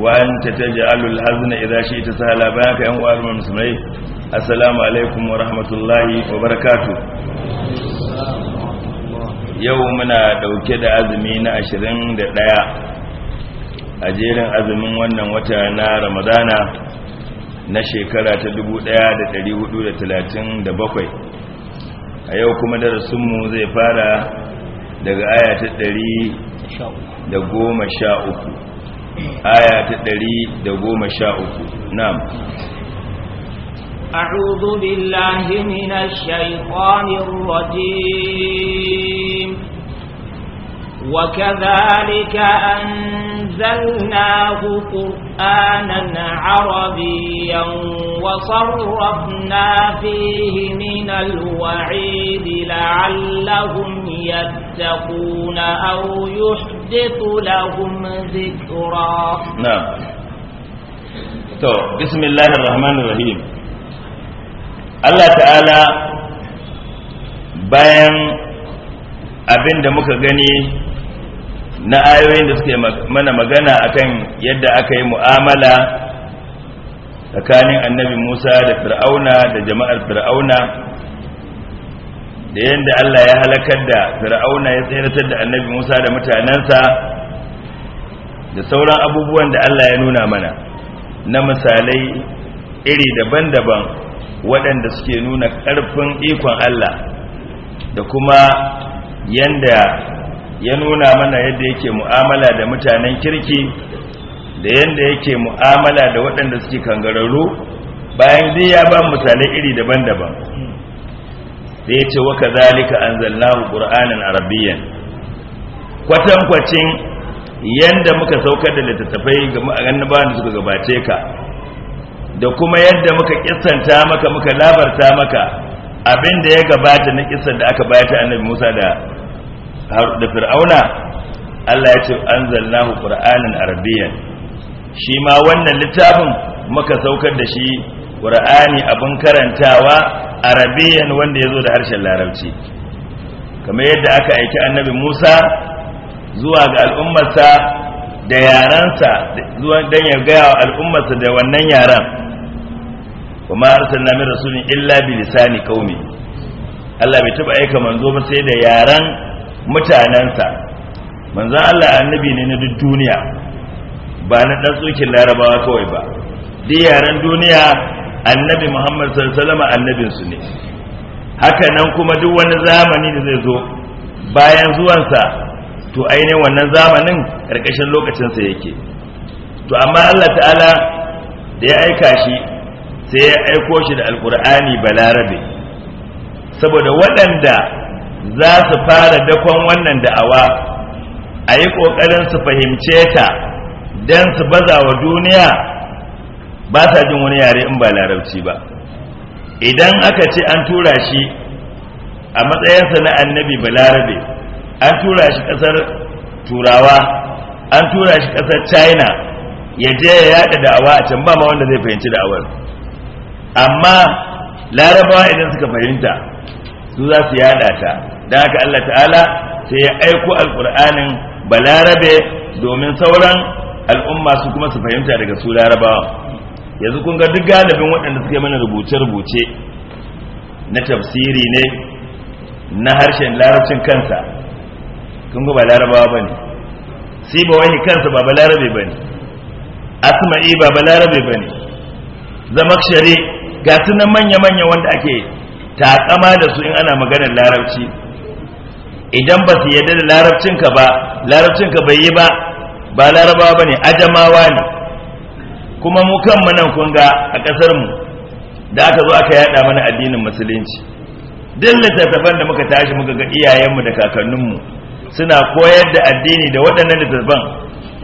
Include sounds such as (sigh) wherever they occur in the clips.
wa anta taj'alul hazna idza shi'ta sahla ka yan uwa musulmai assalamu alaikum wa rahmatullahi wa barakatuh yau muna ɗauke da azumi na ɗaya, a jerin azumin wannan wata na ramadana na shekara ta da da talatin bakwai, a yau kuma darasinmu zai fara daga aya ta da uku. آية تدري دبو مشاؤك نعم أعوذ بالله من الشيطان الرجيم وكذلك أنزلناه قرآنا عربيا وصرفنا فيه من الوعيد لعلهم يتقون أو يحدث لهم ذكرا نعم تو بسم الله الرحمن الرحيم الله تعالى بيان abin da muka gani na ayoyin da suke mana magana akan yadda aka yi mu'amala tsakanin annabi musa da fir'auna da jama'ar fir'auna da yadda allah ya halakar da fir'auna ya tseratar da annabi musa da mutanensa da sauran abubuwan da allah ya nuna mana na misalai iri daban-daban waɗanda suke nuna ƙarfin ikon allah da kuma yanda ya nuna mana yadda yake mu'amala da mutanen kirki da yadda yake mu'amala da waɗanda suke kangararru bayan zai ya ba misalai iri daban-daban sai waka ce wa kazalika anzalnahu ƙura'anin arabiyyan kwatankwacin yadda muka saukar da littattafai ga annabawan da suka gabace ka da kuma yadda muka kisanta maka muka labarta maka abin da ya gabata na kisan da aka bayar annabi Musa da da fir'auna Allah ya ce anzalnahu qur'anan arabiyyan shi ma wannan littafin muka saukar da shi qur'ani abin karantawa arabiyyan wanda ya zo da harshen larabci kamar yadda aka aiki annabi Musa zuwa ga al'ummarsa da zuwa don ya gaya wa al'ummarsa da wannan yaren kuma arsalna min rasulin illa bi lisani qaumi Allah bai taba aika manzo ba sai da yaren. mutanensa manzo Allah annabi ne na duk duniya ba na ɗan tsokin larabawa kawai ba duk yaren duniya annabi muhammad sallallahu su ne haka nan kuma duk wani zamani da zai zo bayan zuwansa to ainihin wannan zamanin lokacin sa yake to amma Allah ta'ala da ya aika shi sai ya aiko shi da alkur'ani balarabe saboda waɗanda za su fara dakon wannan da'awa a yi ƙoƙarin su fahimce ta don su baza wa duniya ba sa jin wani yare in ba larabci ba idan aka ce an tura shi a matsayinsa na annabi balarabe an tura shi ƙasar turawa an tura shi ƙasar china ya je ya yada da'awa a can ba ma wanda zai fahimci da'awar amma larabawa idan suka fahimta su za su yada ta da haka Allah ta'ala sai ya aiko alkur'anin balarabe domin sauran al'umma su kuma su fahimta daga su larabawa yanzu kun ga duk galibin waɗanda suke mana rubuce-rubuce na tafsiri ne na harshen larabcin kansa kun ga ba larabawa ba ne ba wani kansa ba balarabe ba ne asma'i ba balarabe ba ne zamakshari ga sunan manya-manya wanda ake takama da su in ana maganar larabci idan ba su yarda da larabcinka ba larabcinka bai yi ba ba larabawa ba ne ajamawa ne kuma mu kan nan kun ga a ƙasarmu da aka zo aka yada mana addinin musulunci duk littattafan da muka tashi muka ga iyayenmu da kakanninmu suna koyar da addini da waɗannan littattafan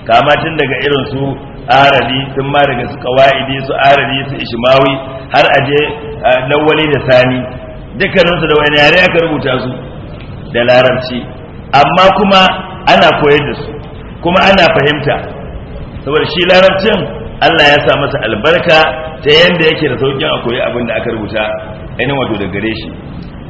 kama tun daga irin su aradi tun ma daga su kawa'idi su aradi su ishimawi har aje eh, lawali da sani dukkaninsu da wani yare aka rubuta su da larabci amma kuma ana koyar da su kuma ana fahimta saboda shi larabcin Allah ya sa masa albarka ta yanda yake da saukin a koyi abin da aka rubuta ainihin wato da gare shi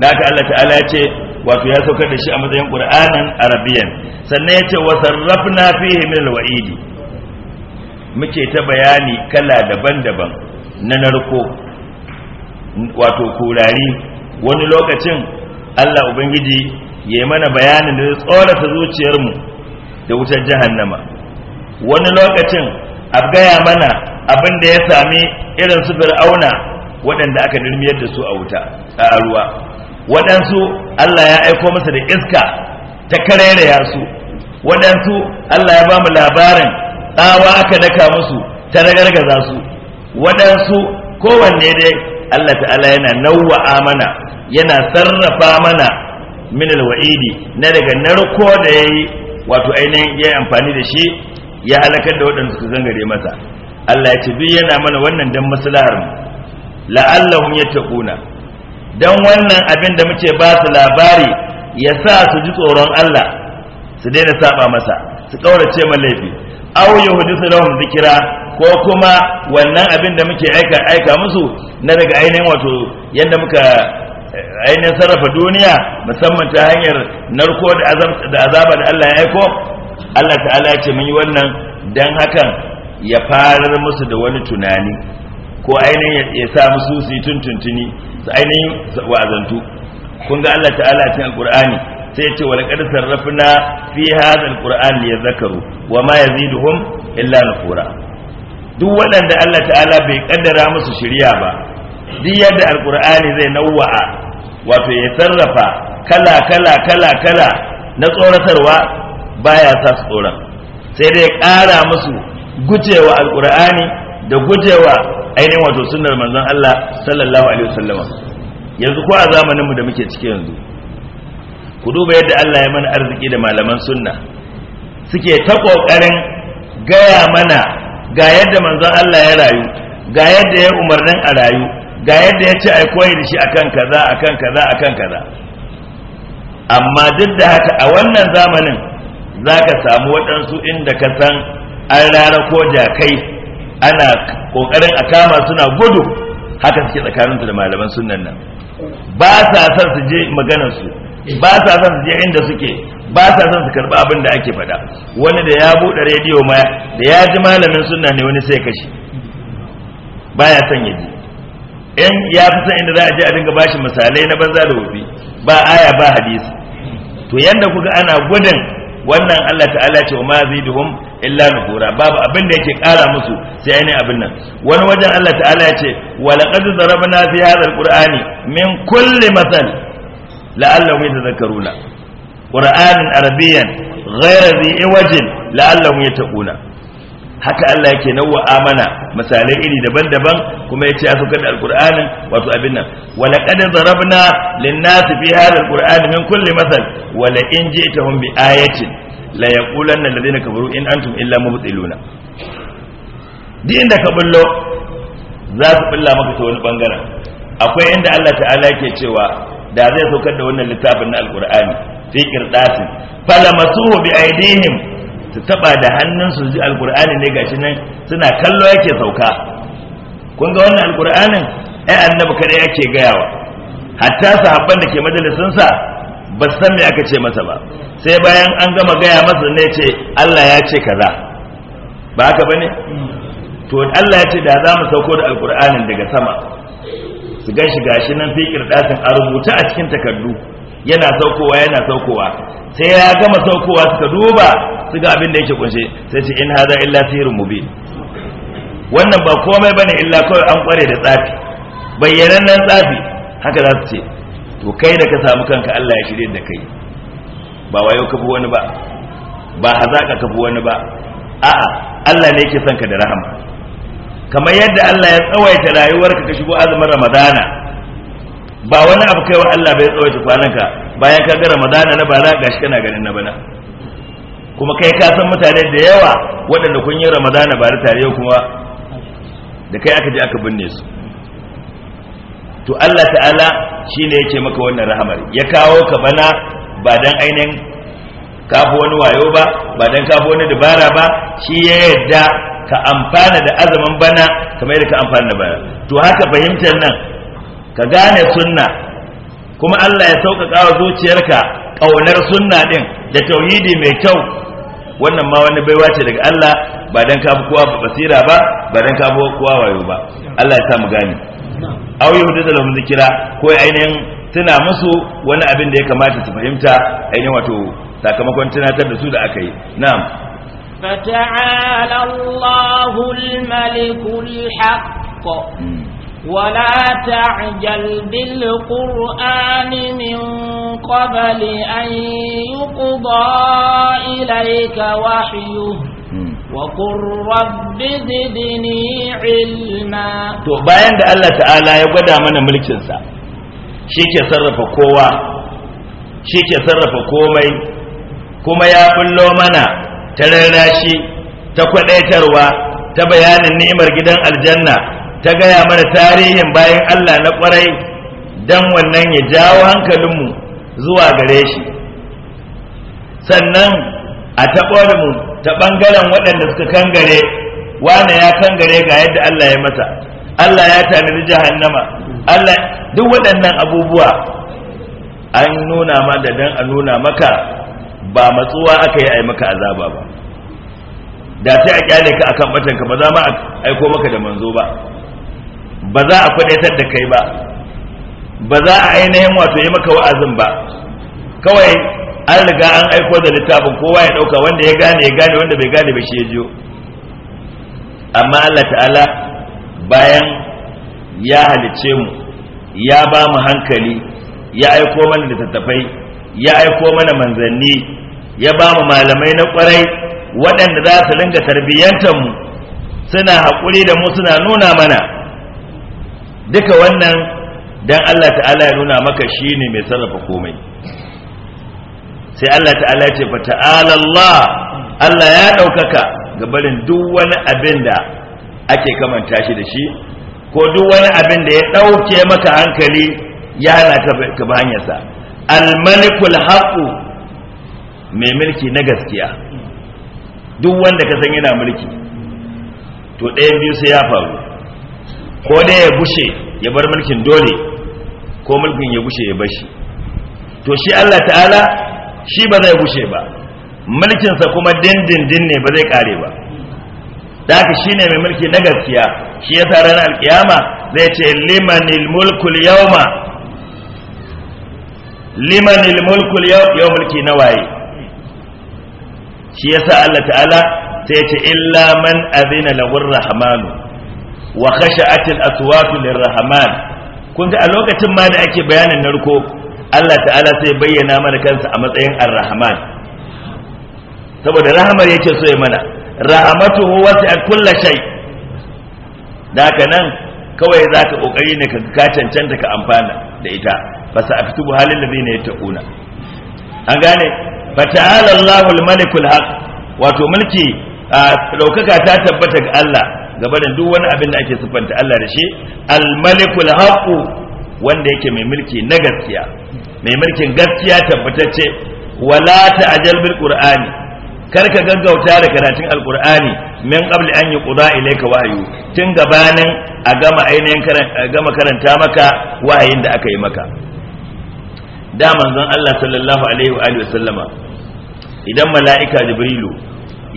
da haka Allah ta'ala ya ce wato ya saukar da shi a matsayin ƙur'anin arabiyan sannan ya ce wa sarrafna fihi min alwa'idi muke ta bayani kala daban-daban na narko wato kurari wani lokacin Allah ubangiji ya yi mana bayanin da tsorata zuciyarmu da wutar jahannama wani lokacin a gaya mana abin da ya sami irin su fir'auna waɗanda aka nirmiyar da su a wuta a ruwa waɗansu Allah ya aiko masa da iska ta da su waɗansu Allah ya ba mu labarin tsawa aka daka musu ta ragargaza su waɗansu kowanne dai Allah ta'ala yana nawwa'a mana yana sarrafa mana min alwa'idi na daga narko da yayi wato ainihin ya amfani da shi ya halakar da waɗanda suka zangare masa Allah ya ce duk yana mana wannan dan maslahar mu la'allahum yattaquna dan wannan abin da muke ba su labari ya sa su ji tsoron Allah su daina saba masa su kaurace ma laifi aw yuhdisu lahum dhikra ko kuma wannan abin da muke aika aika musu na daga ainihin wato yanda muka ainihin sarrafa duniya musamman ta hanyar narko da azabar da Allah ya aiko Allah ta'ala ya ce mun yi wannan don hakan ya farar musu da wani tunani ko ainihin ya sa musu su yi tuntuntuni su ainihin wa'azantu kun ga Allah ta'ala cin alkur'ani sai ce wani wa laqad na fi hadha ya zakaru, wa ma yaziduhum illa kura. duk waɗanda Allah ta'ala bai ƙaddara musu shirya ba duk yadda alkur'ani zai nauwa'a wato ya sarrafa kala kala kala kala na tsoratarwa baya sa su tsoron sai dai ƙara musu gujewa alkur'ani da gujewa ainihin wato sunnar manzon Allah sallallahu alaihi wasallam yanzu ko a zamanin mu da muke ciki yanzu ku duba yadda Allah ya mana arziki da malaman sunna suke ta kokarin gaya mana ga yadda manzon Allah ya rayu ga yadda ya umarnin a rayu ga yadda ya ce a koyi da shi a kan kaza a kan kaza a kan kaza amma duk da haka a wannan zamanin za ka samu waɗansu inda ka san an rara ko kai ana ƙoƙarin a kama suna gudu haka suke tsakaninsu da malaman sunan nan ba sa son su je maganarsu ba sa son su je inda suke ba sa son su karɓi abin da ake faɗa wani da ya buɗe rediyo ma da ya ji malamin sunna ne wani sai kashi baya son ya ji in ya fi san inda za a je a dinga bashi misalai na banza da wofi ba aya ba hadisi to yanda kuga ana gudun wannan Allah ta'ala ce wa ma illa nufura babu abin da yake kara musu sai ainihin abin nan wani wajen Allah ta'ala ya ce wa laqad zarabna fi hadha alqur'ani min kulli masal la'allahum yatadhakkaruna qur'anan arabiyyan ghayra dhi iwajin la'allahum yataquna haka Allah yake nawa amana misalai iri daban-daban kuma ce a saukar da alqur'anin wato abin nan wala qad zarabna lin-nas fi hadha alqur'ani min kulli masal wala in ji'tahum bi ayatin la yaqulanna alladhina kafaru in antum illa mubtiluna duk inda ka bullo za su bulla maka ta wani bangaren akwai inda Allah ta'ala yake cewa da zai saukar da wannan littafin na alkur'ani fi qirdatin falamasuhu bi aidihim su taba da hannun su ji alkur'ani ne gashi nan suna kallo yake sauka kun ga wannan alkur'anin ai annabi kada yake gayawa hatta sahabban da ke majalisin sa ba san me aka ce masa ba sai bayan an gama gaya masa ne ce Allah ya ce kaza ba haka bane to Allah ya ce da za mu sauko da alkur'anin daga sama su gashi gashi nan fikir dakin a rubuta a cikin takardu yana saukowa yana saukowa sai ya gama saukowa suka duba su ga abin da yake kunshe sai ce in haza illa sihirin mubin wannan ba komai bane illa kawai an kware da tsafi nan tsafi haka za su ce to kai da ka samu kanka Allah ya shirye da kai ba wayo kafi wani ba ba hazaka kafi wani ba a'a Allah ne yake son ka da rahama kamar yadda Allah ya tsawaita rayuwarka ka shigo azumin Ramadana ba wani abu wa Allah bai tsawaita ka bayan ka ga Ramadana na bara gashi kana ganin na bana kuma kai ka san mutane da yawa waɗanda kun yi ramadana ba da tare kuma da kai aka je aka binne su to Allah ta'ala shine yake maka wannan rahamar ya kawo ka bana ba dan ainihin kafu wani wayo ba ba dan kafu wani dabara ba shi ya yadda ka amfana da azumin bana kamar yadda ka amfana da bana to haka fahimtar nan ka gane sunna kuma Allah ya sauƙaƙa wa zuciyarka ƙaunar sunna din da tauhidi mai kyau wannan ma wani baiwa ce daga Allah ba dan ka fi kowa basira ba ba dan ka fi kowa wayo ba Allah ya sa mu gane aw da lahum zikira ko ainihin tuna musu wani abin da ya kamata su fahimta ainihin wato sakamakon tunatar da su da aka yi na'am fata'ala Allahul malikul haqq hmm. ولا تعجل بالقرآن من قبل أن يقضى إليك وحيه وقل رب زدني علما to bayan da Allah ta'ala ya gwada mana mulkinsa, sa shike sarrafa kowa shike sarrafa komai kuma ya bullo mana ta rarrashi ta kwadaitarwa ta bayanin ni'imar gidan aljanna ta gaya mana tarihin bayan Allah na kwarai don wannan ya jawo hankalinmu zuwa gare shi sannan a taɓarmu ta ɓangaren waɗanda suka kangare wane ya kangare ga yadda Allah ya mata Allah ya tanadi jahannama Allah duk waɗannan abubuwa an nuna ma da don a nuna maka ba matsuwa aka yi a yi maka azaba ba da sai a kyale ka akan batan ba za ma aiko maka da manzo ba ba za a kudaitar da kai ba ba za a ainihin wato yi maka wa'azin ba kawai an riga an aiko da littafin kowa ya ɗauka wanda ya gane ya gane wanda bai gane ba shi ya jiyo amma Allah ta'ala bayan ya halicce mu ya ba mu hankali ya aiko mana littattafai ya aiko mana manzanni ya ba mu malamai na kwarai waɗanda za su ringa tarbiyyantar mu suna haƙuri da mu suna nuna mana duka wannan dan Allah ta'ala ya nuna maka shi ne mai sarrafa komai sai Allah ta'ala ya ce fa ta'ala Allah Allah ya ɗaukaka ga barin duk wani abin da ake kamanta shi da shi ko duk wani abin da ya ɗauke maka hankali ya na ka hanyarsa almalikul haqqu mai mulki na gaskiya duk wanda ka san yana mulki to ɗayan biyu sai ya faru ko dai ya gushe ya bar mulkin dole ko mulkin ya gushe ya bashi to shi Allah ta'ala shi ba zai gushe ba mulkinsa kuma dindindin ne ba zai kare ba da haka shi ne mai mulki na gaskiya shi ya ranar alkiyama zai ce limanil mulkul yauma limanil mulkul yau mulki na waye shi ya sa Allah ta'ala sai ce illa man azina lahur rahmanu wa khashatil aswatu lirrahman kun ga a lokacin ma da ake bayanin narko Allah ta'ala sai bayyana mana kansa a matsayin arrahman saboda rahamar yake so ya mana rahamatuhu wasi'at kulli shay da ka nan kawai zaka kokari ne ka cancanta ka amfana da ita fasa aktubu halil ladina yattaquna an gane ta'ala Allahul malikul haq wato mulki ɗaukaka ta tabbata ga Allah gabarin duk wani abin da ake siffanta Allah da shi al-malikul haqu wanda yake mai mulki na gaskiya mai mulkin gaskiya tabbatacce wala ta'jal bil qur'ani kar ka gaggauta da karatun alqur'ani min qabl an yuqda ilayka wahyu tun gabanin a gama ainihin gama karanta maka wahayin da aka yi maka da manzon Allah sallallahu alaihi wa sallama idan mala'ika jibrilu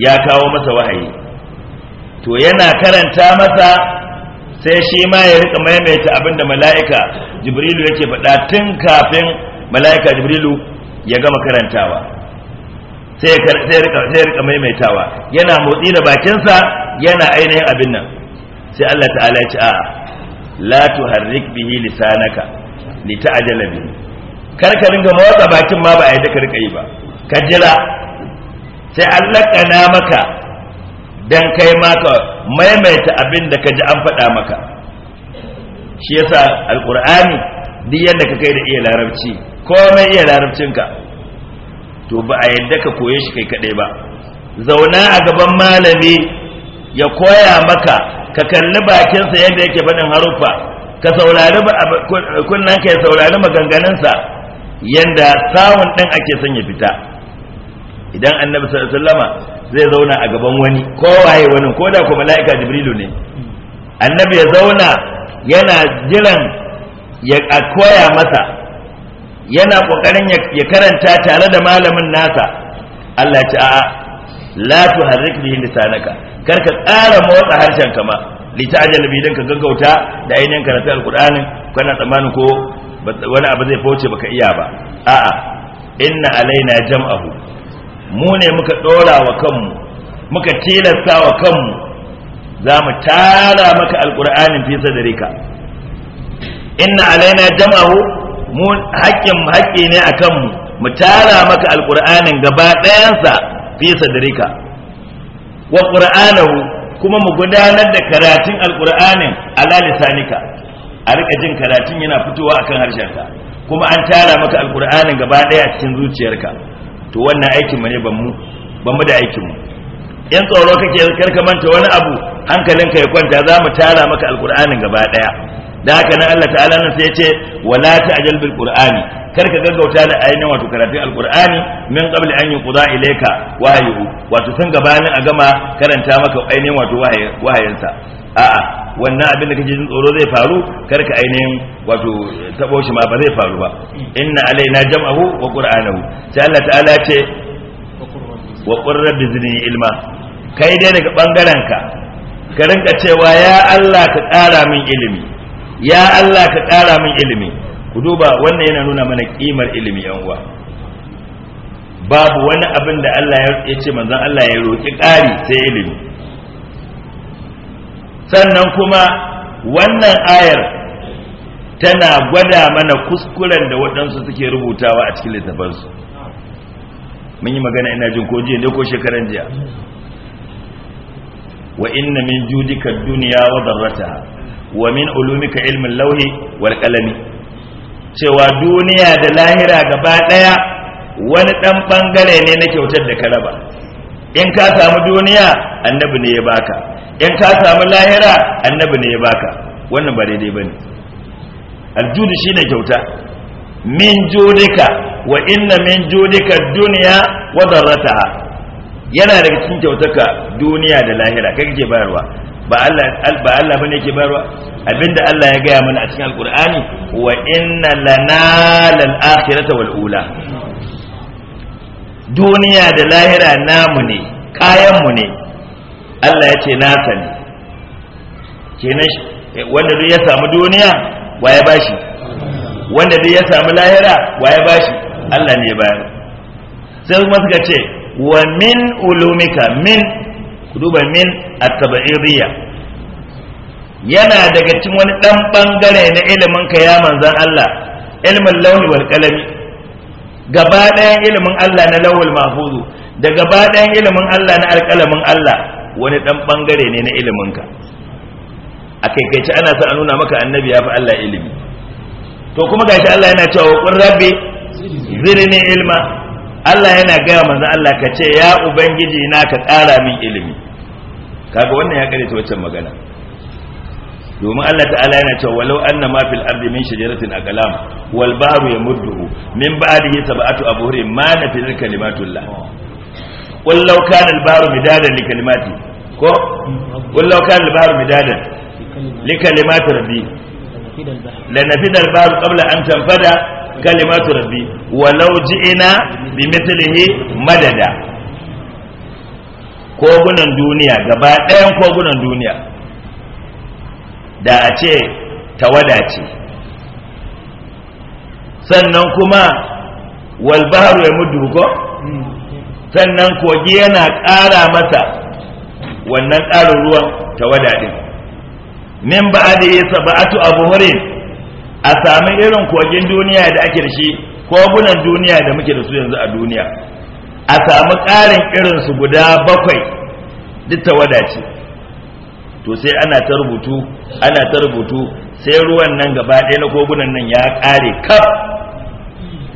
ya kawo masa wahayi to yana karanta masa sai shi ma ya rika maimaita abinda mala'ika jibrilu yake faɗa tun kafin mala'ika jibrilu ya gama karantawa sai ya rika maimaitawa yana motsi da bakinsa yana ainihin abin nan sai Allah ta'ala ya ci a la harrik bihi lisanaka lita'jala bihi kar ka ringa motsa bakin ma ba a yi da ka yi ba ka jira sai Allah kana maka dan kai ma ka maimaita abin da ka ji an faɗa maka shi yasa alkur'ani duk yadda ka kai da iya larabci komai iya larabcinka to ba a yadda ka koye shi kai kaɗai ba zauna a gaban malami ya koya maka ka kalli bakinsa yadda yake faɗin haruffa ka saurari kunnan ka ya saurari maganganunsa yadda sawun ɗin ake son ya fita idan annabi sallallahu alaihi wasallama zai zauna a gaban wani ko waye wani ko da kuma la'ika jibrilu ne annabi ya zauna yana jiran ya koya masa yana kokarin ya karanta tare da malamin nasa Allah ya ce a'a la tuharrik bihi lisanaka kar ka tsara motsa harshen kama ajal bi dan ka gaggauta da ainihin karatu alqur'ani kana tsammanin ko wani abu zai fauce baka iya ba a'a inna alaina jam'ahu mu ne muka ɗora wa kanmu muka tilasta wa kanmu za mu tara maka alkur'anin fi sadarika inna alaina jama'u mu haƙƙin haƙƙi ne a kanmu mu tara maka alƙur'anin gaba ɗayansa fi sadarika wa ƙur'anahu kuma mu gudanar da karatun alƙur'anin ala lisanika a riƙa jin karatun yana fitowa akan harshenka kuma an tara maka alkur'anin gaba ɗaya a cikin zuciyarka to wannan aikin mu ne ban mu ban mu da aikin mu in tsoro kake karka manta wani abu hankalinka ya kwanta za mu tara maka alkur'anin gaba daya da haka nan Allah ta'ala nan sai ya ce wala ta'jal bil qur'ani kar ka gaggauta da ainihin wato karatun alqur'ani min qabli an yuqda ilayka wahyu wato tun gabanin a gama karanta maka ainihin wato wahayin a'a wannan abin da kake jin tsoro zai faru karka ka ainihin wato tabo shi ma ba zai faru ba inna alaina jam'ahu wa qur'anahu sai Allah ta'ala ce wa qurra bi zini ilma kai dai daga bangaren ka ka rinka cewa ya Allah ka ƙara min ilimi ya Allah ka ƙara min ilimi ku duba wannan yana nuna mana kimar ilimi yan uwa babu wani abin da Allah ya ce manzon Allah ya roki ƙari sai ilimi sannan kuma wannan ayar tana gwada mana kuskuren da waɗansu suke rubutawa a cikin littafansu mun yi magana ina jin ko jiya ne ko shekaran jiya wa inna min judika duniya wa darrataha wa min ulumika ilmin lauhi wal qalami cewa duniya da lahira gaba ɗaya, wani ɗan bangare ne na kyautar da ka in ka samu duniya annabi ne ya baka in ka samu lahira annabi ne ya baka wannan ba daidai bane aljudu shine kyauta min judika wa inna min judika dunya wa darrataha yana daga cikin kyautaka duniya da lahira kai kake bayarwa ba Allah ba Allah bane yake bayarwa abinda Allah ya gaya mana a cikin alqur'ani wa inna lana lal akhirata wal ula duniya da lahira namu ne kayan mu ne Allah ya ce na sani kenan wanda duk ya samu duniya wa ya bashi wanda duk ya samu lahira wa ya bashi Allah ne ya bayar sai kuma suka ce wa min ulumika min ku duba min at-tabi'iyya yana daga cikin wani dan bangare na ilimin ka ya manzan Allah ilmin launi wal qalami gaba ɗayan ilimin Allah na lawul mahfuzu da gaba ɗayan ilimin Allah na alƙalamin Allah wani dan bangare ne na iliminka a kaikaice ana sa a nuna maka annabi ya fi Allah ilimi to kuma shi Allah yana cewa wa rabbi zirni ilma Allah yana gaya manzo Allah ka ce ya ubangiji na ka ƙara min ilimi kaga wannan ya kare ta waccan magana domin Allah ta'ala yana cewa walau anna ma fil ardi min shajaratin aqlam wal bahru yamudduhu min ba'dihi sab'atu abhurin ma nafizil kalimatullah Ƙullau kan albaru midadan li kalimati ko qul kan albaru midadan li kalimati rabbi la nafida al qabla an tanfada kalimatu rabbi walau ji'ina bi mithlihi madada kogunan duniya gaba ɗayan kogunan duniya da a ce tawada ce sannan kuma walbaharu ya mudu ko sannan kogi yana ƙara masa wannan ƙarin ruwan ta ɗin min ba da tu abu buhurin, a sami irin kogin duniya da ake da shi kogunan duniya da muke da su yanzu a duniya a sami ƙarin irinsu guda bakwai duk tawada ce to sai ana ta rubutu ana ta rubutu sai ruwan nan gaba ɗaya na kogunan nan ya ƙare kaf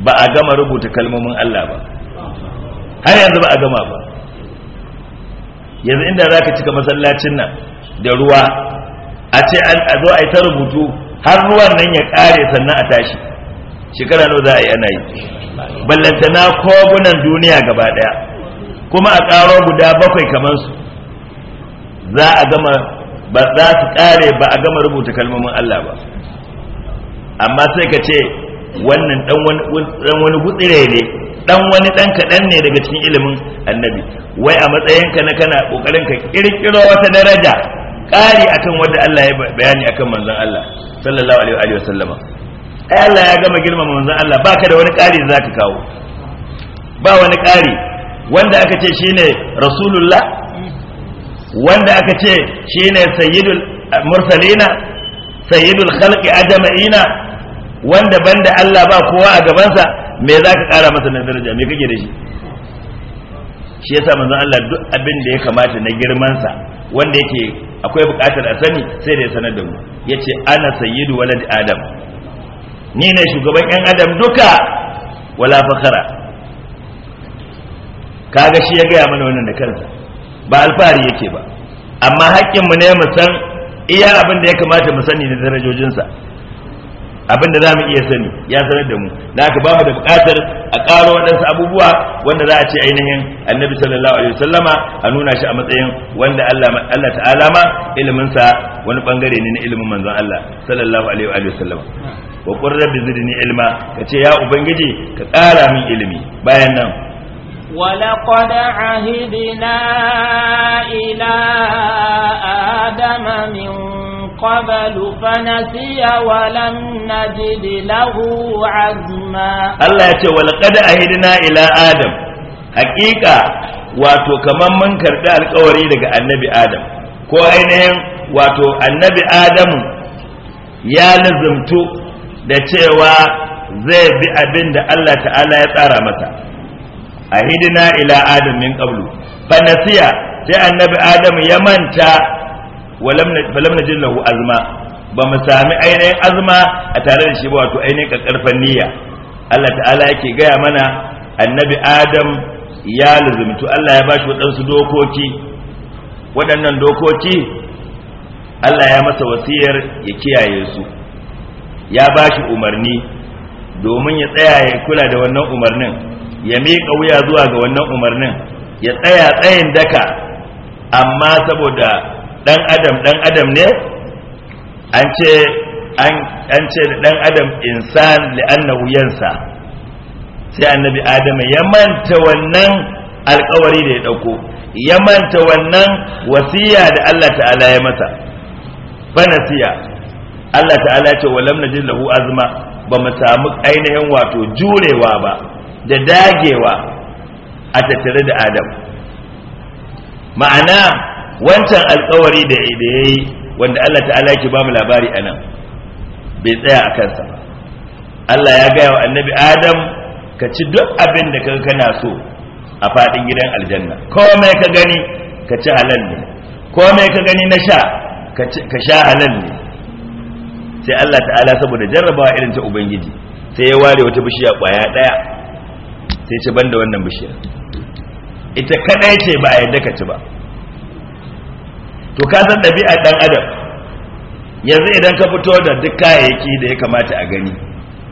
ba a gama rubuta kalmomin Allah ba har yanzu ba a gama ba yanzu inda za ka cika masallacin nan da ruwa a ce a zo a yi ta rubutu har ruwan nan ya ƙare sannan a tashi shekara nawa za a yi ana yi ballantana kogunan duniya gaba ɗaya kuma a ƙaro guda bakwai kamar su za a gama ba za su ƙare ba a gama rubuta kalmomin Allah ba amma sai ka ce wannan ɗan wani gutsire ne dan wani dan kaɗan ne daga cikin ilimin annabi wai a matsayinka na kana kokarin ka ƙirƙiro wata daraja ƙari akan wanda Allah ya bayani akan manzon Allah sallallahu alaihi wa sallama ai Allah ya gama girmama manzon Allah baka da wani ƙari za zaka kawo ba wani ƙari wanda aka ce shine rasulullah wanda aka ce shine sayyidul mursalina sayyidul khalqi ajma'ina wanda banda Allah ba kowa a gabansa me za ka ƙara masa na daraja me kake da shi shi yasa manzon Allah duk abin da ya kamata na girmansa wanda yake akwai bukatar a sani sai da ya sanar da mu yace ana sayyidu walad adam ni ne shugaban yan adam duka wala fakhara kaga shi ya gaya mana wannan da kansa ba alfahari yake ba amma haƙƙinmu ne mu san iya abin da ya kamata mu sani da darajojinsa abin da za mu iya sani ya sanar da mu da aka ba mu da bukatar a ƙaro waɗansu abubuwa wanda za a ce ainihin annabi sallallahu alaihi wasallama a nuna shi a matsayin wanda Allah ta'ala ma iliminsa wani bangare ne na ilimin manzon Allah sallallahu alaihi wasallama wa qurra bi zidni ilma kace ya ubangiji ka ƙara min ilimi bayan nan ولقد عهدنا إلى آدم من قبل فنسي ولم نجد له عزما الله يتي ولقد أهدنا إلى آدم حقيقة wato kaman mun karɓi alkawari daga annabi adam ko ainihin wato annabi adamu ya lazumtu da cewa zai bi abin da Allah ta'ala ya tsara masa a hidina ila adam min qablu fa nasiya sai annabi Adamu ya manta walam lahu azma ba mu sami ainihin azma a tare da shi ba wato ainihin kakkarfan niyya Allah ta'ala yake gaya mana annabi adam ya lazumtu Allah ya bashi waɗansu dokoki waɗannan dokoki Allah ya masa wasiyar ya kiyaye su ya bashi umarni domin ya tsaya ya kula da wannan umarnin ya miƙa wuya zuwa ga wannan umarnin ya tsaya tsayin daka amma saboda dan adam dan adam ne an ce an ce da dan adam insan li'annahu yansa sai annabi adama ya manta wannan alkawari da ya dauko ya manta wannan wasiya da Allah ta'ala ya masa fanasiya Allah ta'ala ce walam najid lahu azma ba mu samu ainihin wato jurewa ba da dagewa a tattare da adam ma'ana wancan alkawari da ya yi wanda Allah ta'ala yake ba mu labari nan, bai tsaya a kansa ba Allah ya gaya wa annabi Adam ka ci duk abin da kaga kana so a faɗin gidan aljanna komai ka gani ka ci halal ne komai ka gani na sha ka sha halal ne sai Allah ta'ala saboda jarrabawa irin ta ubangiji sai ya ware wata bishiya kwaya daya sai ci banda wannan bishiyar ita kadai ce ba a yadda ka ci ba to ka san ɗabi'a ɗan adam yanzu idan ka fito da duk kayayyaki da ya kamata a gani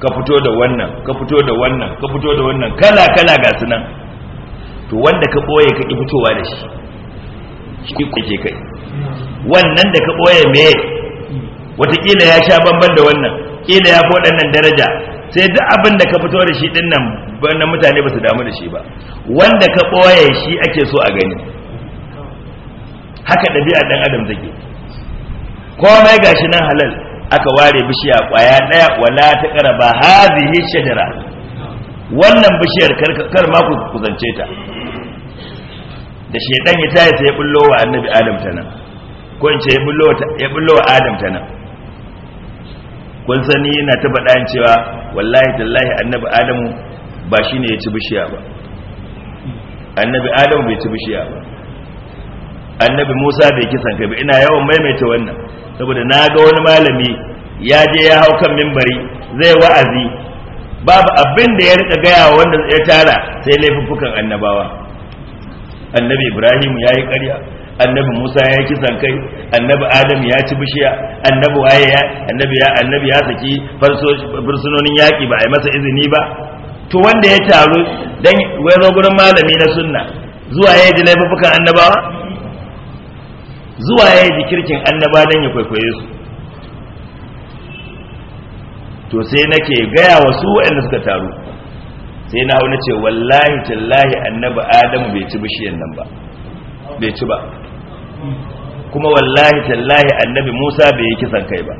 ka fito da wannan ka fito da wannan ka fito da wannan kala kala ga su nan to wanda ka ɓoye ka ƙi fitowa da shi shi kuke kai wannan da ka ɓoye me watakila ya sha bamban da wannan kila ya fi waɗannan daraja sai duk abin da ka fito da shi ɗin nan mutane ba su damu da shi ba wanda ka ɓoye shi ake so a gani haka ɗabi'a ɗan adam take komai gashi nan halal aka ware bishiya ƙwaya ɗaya wala ta ƙaraba hazihi shajara wannan bishiyar kar ma ku kuzance ta da shaidan ya tayi sai ya bullo wa annabi adam ta nan ko in ce ya bullo ya wa adam ta nan kun sani yana ta faɗa cewa wallahi tallahi annabi adamu ba shine ya ci bishiya ba annabi adamu bai ci bishiya ba annabi Musa bai kisan kai ba ina yawan maimaita wannan saboda na ga wani malami ya je ya hau kan mimbari zai wa'azi babu abin da ya rika gaya wa wanda ya tara sai laifukan annabawa annabi Ibrahim ya yi ƙarya annabi Musa ya kisan kai annabi Adam ya ci bishiya annabi waye ya annabi ya annabi ya saki fursunonin yaki ba a yi masa izini ba to wanda ya taru dan wai zo gurin malami na sunna zuwa ya ji laifukan annabawa zuwa ya yi jikirkin annaba don ya kwaikwaye su to sai nake gaya wa su waɗanda suka taru sai na hau na ce wallahi tallahi annaba adamu bai ci bishiyan nan ba bai ci ba kuma wallahi tallahi annabi musa bai yi kisan kai ba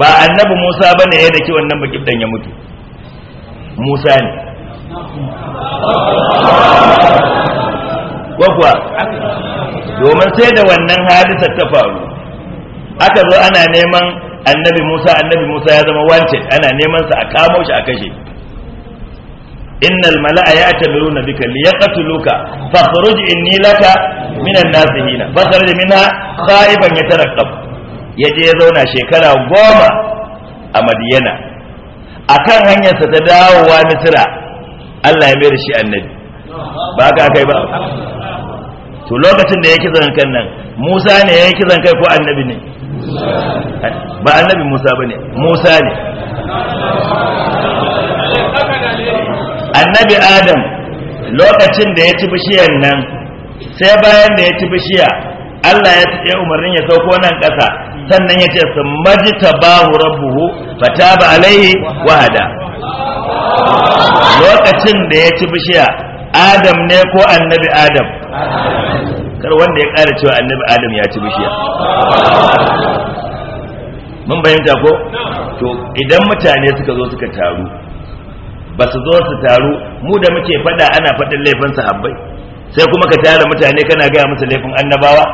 ba annabi musa ba ne ya daki wannan bakibdan ya mutu musa ne kwakwa domin sai da wannan hadisar ta faru aka zo ana neman annabi musa annabi musa ya zama wanted ana neman sa a kamo shi a kashe innal mala'a ya'tamiruna bika liyaqtuluka fakhruj inni laka minan nasihina fakhruj minha khaiban yataraqqab yaje ya zauna shekara goma a madiyana akan hanyarsa ta dawowa misira Allah ya mai da shi annabi ba ka kai ba to lokacin da ya kisan kan nan musa ne ya kisan kai ko annabi ne ba annabi musa ba ne musa ne annabi adam lokacin da ya ci bishiyar nan sai bayan da ya ci bishiya allah ya umarnin ya sauko nan ƙasa sannan ya ce su maji tabahu rabbuhu fata ba alaihi wahada lokacin da ya ci bishiya adam ne ko annabi adam kar wanda ya ƙara cewa annabi adam ya ci bishiya mun bayyanta ko to idan mutane suka zo suka taru ba su zo su taru mu da muke fada ana fadin laifin sahabbai sai kuma ka tara mutane kana gaya musu laifin annabawa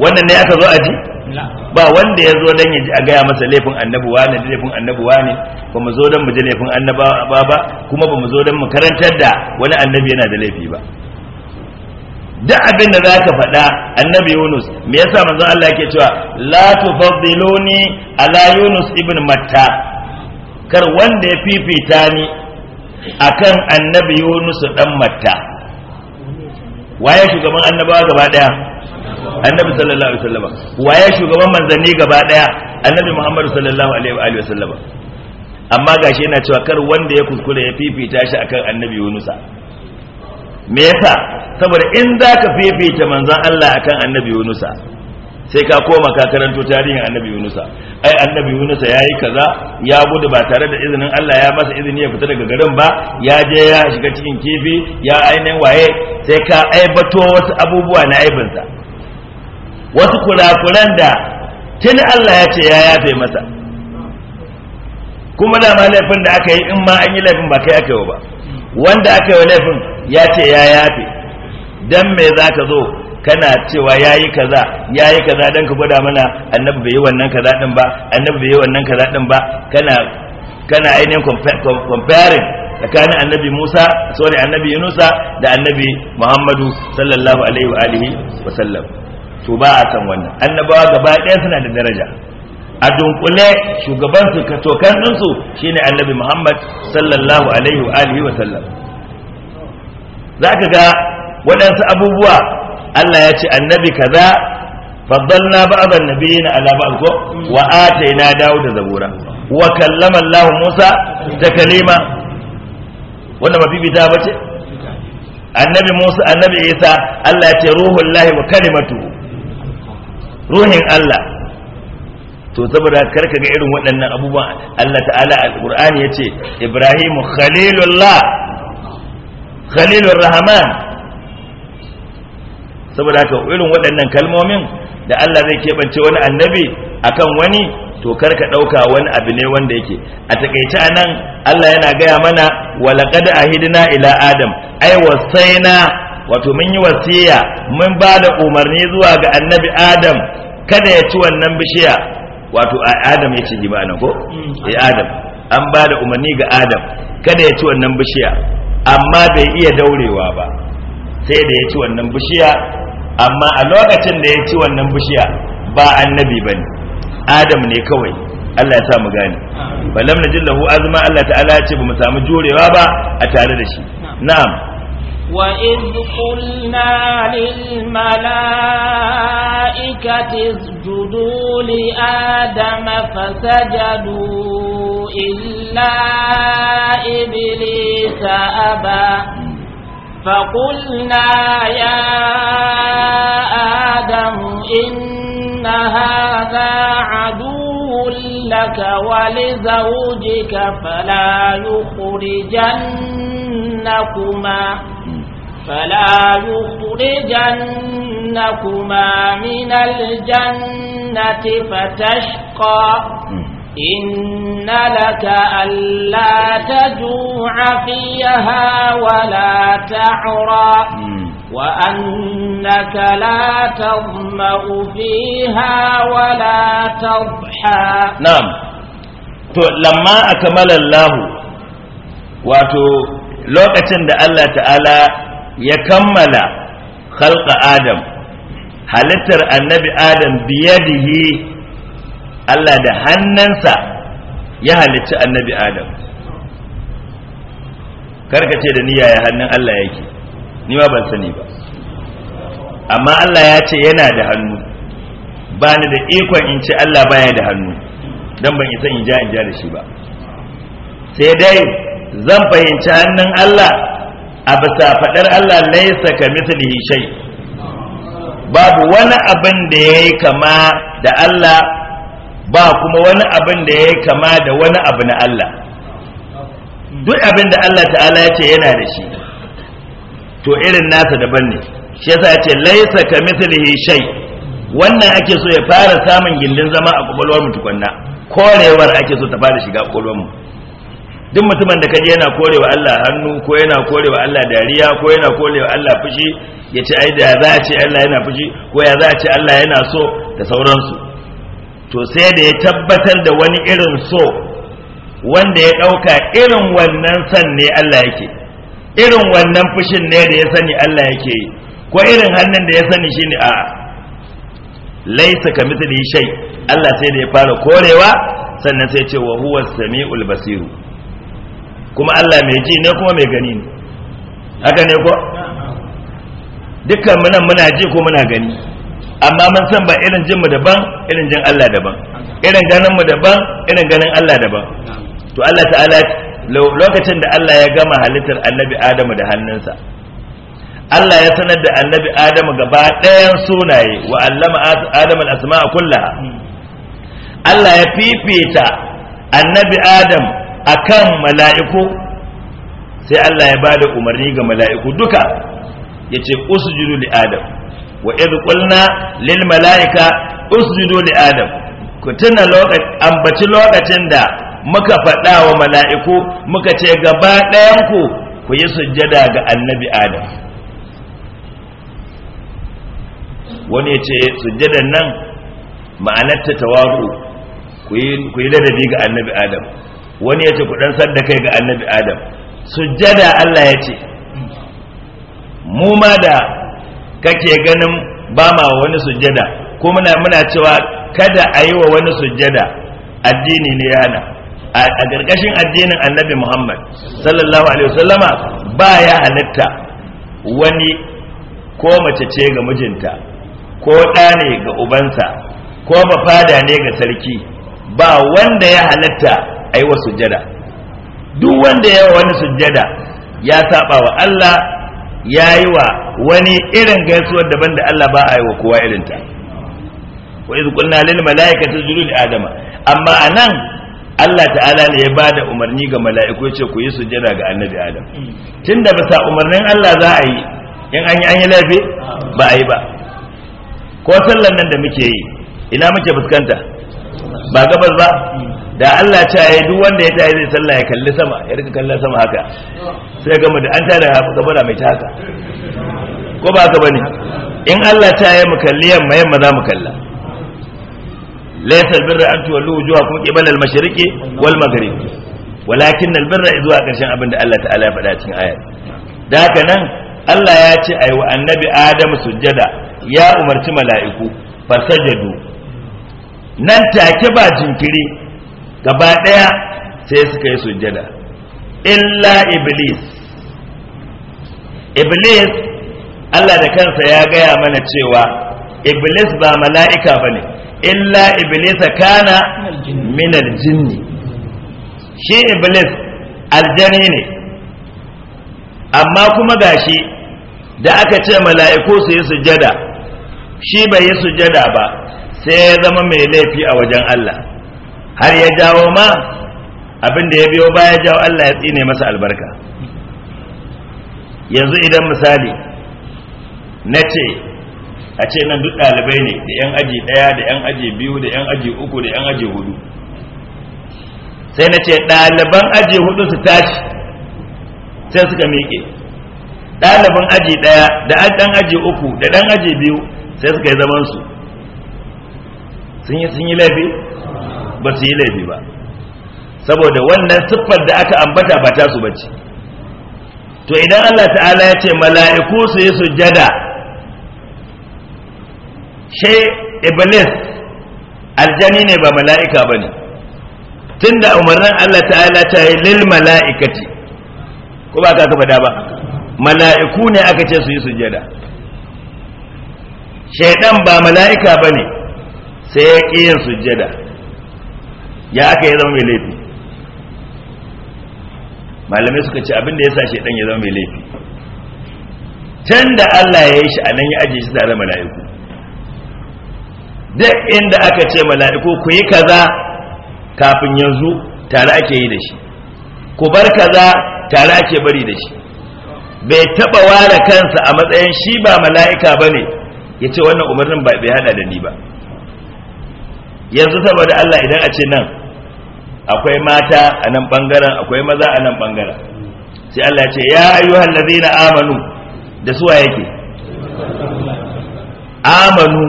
wannan ne aka zo a ji ba wanda ya zo don ya ji a gaya masa laifin annabuwa ne da laifin annabuwa ne ba mu zo don mu ji laifin annabawa ba kuma ba mu zo don mu karantar da wani annabi yana da laifi ba duk abin da zaka faɗa annabi Yunus me yasa manzo Allah yake cewa la tufaddiluni ala Yunus ibn Matta kar wanda ya fifita ni akan annabi Yunus dan Matta waye shugaban annabawa gaba daya annabi sallallahu alaihi wasallam waye shugaban manzanni gaba daya annabi Muhammad sallallahu alaihi wasallam amma gashi yana cewa kar wanda ya kuskure ya fifita shi akan annabi Yunusa me yasa saboda in za ka fifita manzan Allah akan annabi Yunusa sai ka koma ka karanto tarihin annabi Yunusa ai annabi Yunusa ya yi kaza ya gudu ba tare da izinin Allah ya masa izini ya fita daga garin ba ya je ya shiga cikin kifi ya ainihin waye sai ka aibato wasu abubuwa na aibinsa wasu kurakuran da tun Allah ya ce ya yafe masa kuma da ma laifin da aka yi in ma an yi laifin ba kai aka yi ba wanda aka yi laifin ya ce ya yafe don me za ka zo kana cewa ya yi kaza ya yi kaza don ka gwada mana annabi bai yi wannan kaza din ba annabi bai yi wannan kaza din ba kana kana ainihin comparing tsakanin annabi musa sorry annabi yunusa da annabi muhammadu sallallahu alaihi wa alihi wa sallam to ba a san wannan annabawa gaba ɗaya suna da daraja a dunkule shugabansu katokan ɗinsu shine annabi muhammad sallallahu alaihi wa alihi wa sallam za ka ga waɗansu abubuwa Allah ya ce annabi kaza faddalna ba'dhan nabiyina ala ba'd ko wa ataina dawud zabura wa kallama Allah Musa Kalima. wannan ba bibita bace annabi Musa annabi Isa Allah ya ce ruhul lahi wa kalimatu ruhin Allah to saboda karka ga irin waɗannan abubuwa Allah ta'ala a Qur'ani yace Ibrahim khalilullah khalilur rahman saboda haka irin waɗannan kalmomin da Allah zai keɓance wani annabi akan wani to kar ka ɗauka wani abu ne wanda yake a takaice a nan Allah yana gaya mana walaƙada hidina ila adam ai wasaina wato mun yi wasiya mun ba da umarni zuwa ga annabi adam kada ya ci wannan bishiya wato a adam ya ci gibana ko mm. eh adam an ba da umarni ga adam kada ya ci wannan bishiya amma bai iya daurewa ba sai da ya ci wannan bishiya amma a lokacin da ya ci wannan bishiya ba annabi ba ne adam ne kawai Allah ya sa mu gane balam na jillahu azma Allah ta'ala ya ce ba mu samu jurewa ba a tare da shi na'am وإذ قلنا للملائكة إلا إبليس أبى فقلنا يا آدم إن هذا عدو لك ولزوجك فلا يخرجنكما فلا يخرجنكما من الجنة فتشقى إن لك ألا تجوع فيها ولا تعرى وأنك لا تظمأ فيها ولا تضحى نعم لما أكمل الله واتو لوكتن دا الله تعالى يكمل خلق آدم halittar annabi adam biyadihi Allah da hannunsa ya halicci annabi Adam Karka ce da niyya ya hannun Allah yake ni ma ban sani ba amma Allah ya ce yana da hannu ba ni da ikon in ce Allah baya da hannu don ban isa in ja in ja da shi ba sai dai zan fahimci hannun Allah a bisa faɗar Allah laisa ka mislihi shay babu wani abin da yayi kama da Allah ba kuma wani abin da ya kama da wani abu na Allah duk abin da Allah ta'ala ya ce yana da shi to irin nasa daban ne shi yasa ya ce laisa ka mithlihi shay wannan ake so ya fara samun gindin zama a kwakwalwar mu tukunna korewar ake so ta fara shiga kwakwalwar mu duk mutumin da kaje yana korewa Allah hannu ko yana korewa Allah dariya ko yana korewa Allah fushi ya ce ai da za a ce Allah yana fushi ko ya za a ce Allah yana so da sauransu to sai da ya tabbatar da wani irin so wanda ya ɗauka irin wannan san ne Allah yake irin wannan fushin ne da ya sani Allah yake yi ko irin hannun da ya sani shi ne a laisa ka mithli shai. Allah sai da ya fara korewa sannan sai ce wa huwa samiul basiru kuma Allah mai ji ne kuma mai gani ne haka ne ko dukkan muna ji ko muna gani amma mun san ba irin jin mu daban irin jin Allah daban irin ganin mu daban irin ganin Allah daban to Allah ta'ala lokacin da Allah ya gama halittar annabi Adamu da hannunsa Allah ya sanar da annabi Adamu gaba ɗayan sunaye wa allama Adamu al-asma'a kullaha Allah ya fifita annabi Adam akan mala'iku sai Allah ya bada umarni ga mala'iku duka yace usjudu li Adam wa kulna qulna lil malaika usjudu li adam ku tuna lokacin ambaci lokacin da muka faɗa wa mala'iku muka ce gaba ɗayan ku ku yi sujjada ga annabi adam wani ya ce eh, sujjadan nan ma'anarta tawaru ku yi ladabi ga annabi adam wani ya ce ku ɗan sadda kai ga annabi adam sujjada Allah ya ce mu ma da kake ganin ba ma wani sujjada ko muna muna cewa kada a yi wa wani sujjada addini ne yana a gargashin addinin annabi muhammad sallallahu alaihi wasallama ba ya halitta wani ko mace ce ga mijinta ko ɗa ne ga ubansa ko ba fada ne ga sarki ba wanda ya halitta a yi wa sujjada duk wanda ya wani sujjada ya saba wa allah ya yi wa wani irin gaisuwar daban da Allah ba a yi wa kowa irinta wa iz qulna lil malaikati sujudu li adama amma anan Allah ta'ala ne ya bada umarni ga mala'iku ya ce ku yi sujjada ga annabi adam tunda bisa umarnin Allah za a yi in an yi an yi laifi ba a yi ba ko sallan nan da muke yi ina muke fuskanta ba gabas ba da Allah ta yi duk wanda ya tayi zai sallah ya kalli sama ya rika kallon sama haka sai gama da an haka gaba da mai ta haka ko ba ka bane in Allah ta yi mu kalli yamma yamma za mu kalla laysa birra an tuwallu wujuhakum qibala al-mashriqi wal maghrib walakin albirra zuwa karshen abin da Allah ta'ala ya faɗa cikin ayat da haka nan Allah ya ce ayi wa annabi Adam sujjada ya umarci mala'iku fasajadu nan take ba jinkiri gaba ɗaya sai suka yi sujada. illa iblis iblis Allah da kansa ya gaya mana cewa iblis ba mala'ika ba ne illa iblis kana min aljinni shi iblis aljani ne amma kuma gashi da aka ce mala'iku su yi sujjada shi bai yi sujada ba sai ya zama mai laifi a wajen Allah har ya jawo ma abin da ya biyo baya jawo Allah ya tsine masa albarka yanzu idan misali na ce a ce nan duk ɗalibai ne da 'yan aji ɗaya da 'yan aji biyu da 'yan aji uku da 'yan aji hudu sai na ce ɗaliban aji hudu su tashi sai suka miƙe ɗaliban aji ɗaya da ɗan aji uku da ɗan aji biyu sai suka yi zamansu sun yi laifi ba su yi laifi ba saboda wannan siffar da aka ambata ba ta su bace to idan Allah ta'ala ya ce mala'iku su yi sujada she iblis aljani ne ba mala'ika ba ne tunda umarnin Allah ta'ala ta yi lil mala'ikati ko ba ka faɗa ba mala'iku ne aka ce su yi sujada Shaiɗan ba mala'ika ba ne sai ya ƙi yin sujjada ya aka ya zama mai laifi malamai suka ce abinda ya sa shi shaidan ya zama mai laifi can da Allah ya yi shi a nan ya ajiye shi tare mala'iku duk inda aka ce mala'iku ku yi kaza kafin yanzu tare ake yi da shi ku bar kaza tare ake bari da shi bai taba ware kansa a matsayin shi ba mala'ika ba ne, ya ce wannan umarnin bai hada da ni ba yanzu saboda Allah idan a ce nan akwai mata a nan bangaren akwai maza a nan bangaren sai Allah ce ya ayyuhal ladina amanu da suwa yake amanu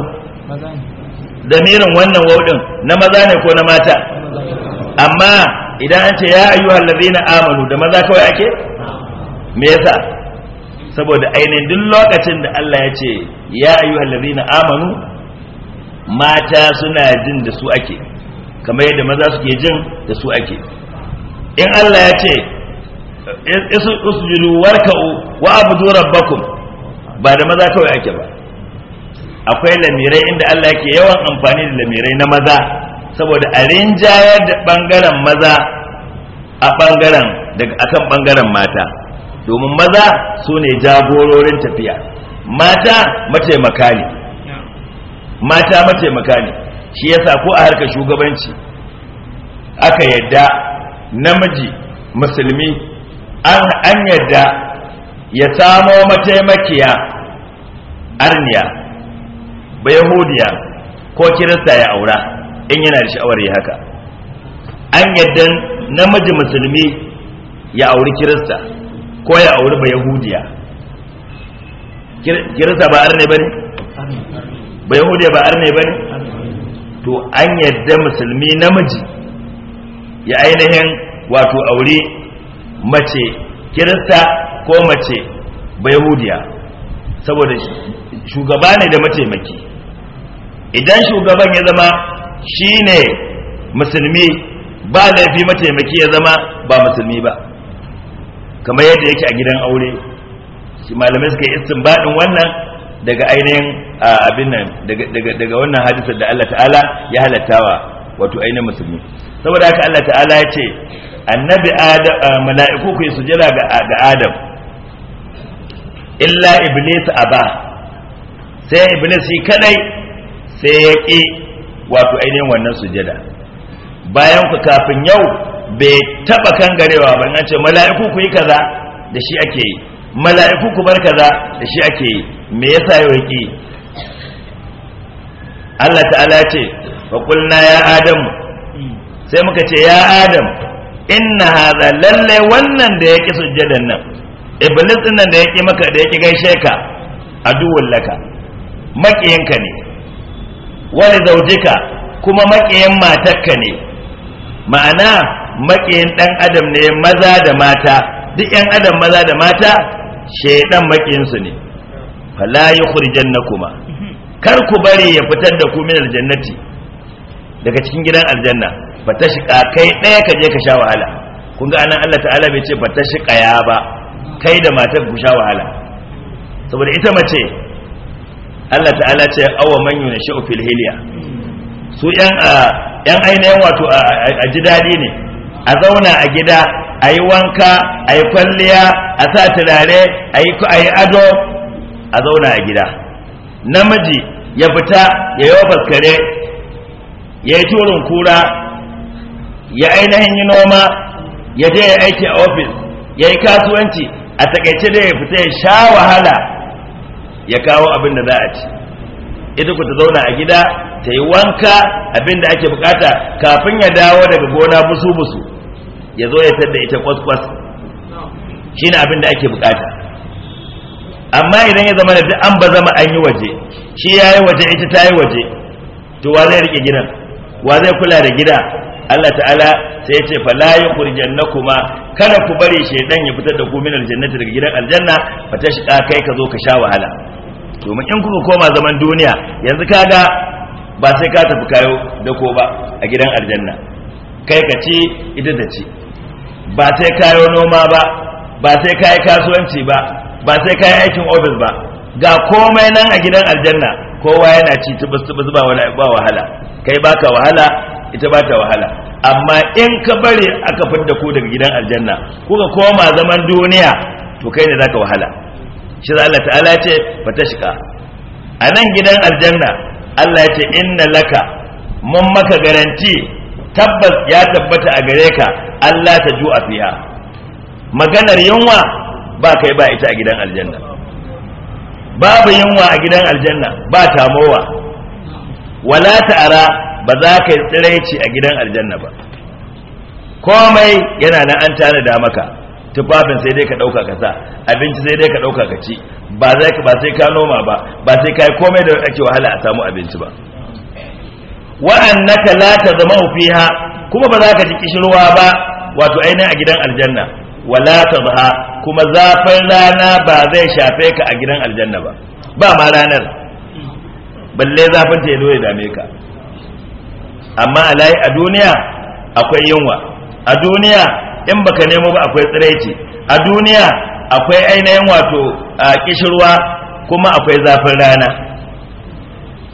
da mirin wannan waudin na maza ne ko na mata amma idan an ce ya ayyuhal ladina amanu da maza kawai ake me yasa saboda ainihin duk lokacin da Allah ya ce ya ayyuhal ladina amanu mata suna jin da su ake kamar yadda maza suke jin da su ake in Allah ya ce isjudu warka'u wa abudu rabbakum ba da maza kawai ake ba akwai lamirai inda Allah yake yawan amfani da lamirai na maza saboda a rinjayar da bangaren maza a bangaren daga akan bangaren mata domin maza su ne jagororin tafiya mata mataimaka ne mata mataimaka ne shi yasa ko a harkar shugabanci aka yadda namiji musulmi an yadda ya samo mataimakiya arniya ba yahudiya ko kirista ya aura in yana da sha'awar yi haka an yadda namiji musulmi ya auri kirista ko ya auri ba yahudiya kirista ba arne ba ne ba yahudiya ba arne ba ne to an yadda musulmi namiji ya ainihin wato aure mace kirista ko mace bayahudiya saboda shugaba ne da mataimaki idan shugaban ya zama shi ne musulmi ba laifi mataimaki ya zama ba musulmi ba kamar yadda yake a gidan aure shi malamai suka yi baɗin wannan daga ainihin abin nan daga wannan hadisa da Allah ta'ala ya halattawa wato ainihin musulmi saboda haka Allah ta'ala ya ce annabi mala'iku ku yi jira ga adam illa iblis aba sai iblis shi kadai sai ya ki wato ainihin wannan sujada bayan ku kafin yau bai taba garewa ba ce mala'iku ku yi kaza da shi ake yi mala'iku ku bar kaza da shi ake yi me yasa yau yake Allah ta'ala ce wa qulna ya adam sai muka ce ya adam inna hadha lalle wannan da yake sujjadan nan iblis din nan da yake maka da yake gaishe ka aduwwul laka makiyinka ne wani zaujika kuma makiyin matarka ne ma'ana makiyin dan adam ne maza da mata duk yan adam maza da mata shaidan makiyinsu ne fala kuma kar ku bari ya fitar da ku min aljannati daga cikin gidan aljanna ba ta fatashqa kai ɗaya ka je ka sha wahala kun ga anan Allah ta'ala bai ce ba ta shi ya ba kai da matar ku sha wahala saboda ita mace Allah ta'ala ce awa man yunashu fil hilya su yan yan ainihin wato a ji dadi ne a zauna a gida a yi wanka a yi kwalliya a sa turare a yi ado a zauna a gida namiji ya fita ya yi wa kare ya yi turin kura ya ainihin yi noma ya je ya aiki a ofis ya yi kasuwanci a takaice da ya fita ya sha wahala ya kawo abin da za a ci ita ku ta zauna a gida ta yi wanka abin da ake bukata kafin ya dawo daga gona busu-busu ya zo ya tadda ita kwas-kwas shi ne abin da ake bukata amma idan ya zama da duk an ba zama an yi waje shi ya yi waje ita ta yi waje to wa zai rike gidan wa zai kula da gida Allah ta'ala sai ya ce fa la kuma kada ku bari shaydan ya fitar da ku min aljannati daga gidan aljanna fa ta shiga kai ka zo ka sha wahala domin in kuka koma zaman duniya yanzu kaga ba sai ka tafi kayo da ko ba a gidan aljanna kai ka ci ita da ci ba sai kayo noma ba ba sai kayi kasuwanci ba ba sai kayi aikin ofis ba ga komai nan a gidan aljanna kowa yana ci tubus tubus ba wala ba wahala kai baka wahala ita ba ta wahala amma in ka bari aka fidda ku daga gidan aljanna kuka koma zaman duniya to kai ne zaka wahala shi Allah ta'ala ce fatashka a nan gidan aljanna Allah ya ce inna laka mun maka garanti tabbas ya tabbata a gare ka Allah ta ju'a fiha maganar yunwa ba kai ba ita a gidan aljanna babu yunwa a gidan aljanna ba tamowa wala ta'ara ba za ka tsiraici a gidan aljanna ba komai yana nan an tana da maka tufafin sai dai ka ɗauka ka sa abinci sai dai ka ɗauka ka ci ba sai ka noma ba ba sai kai komai da ake wahala a samu abinci ba wa'annaka la ta zama fiha kuma ba za ka ji kishirwa ba wato ainihin a gidan aljanna wala tadha kuma zafin rana ba zai shafe ka a gidan aljanna ba ba ma ranar balle zafin ta yazo ya dame ka amma alai a duniya akwai yunwa a duniya in baka nemo ba akwai tsiraici a duniya akwai ainihin wato a kishirwa kuma akwai zafin rana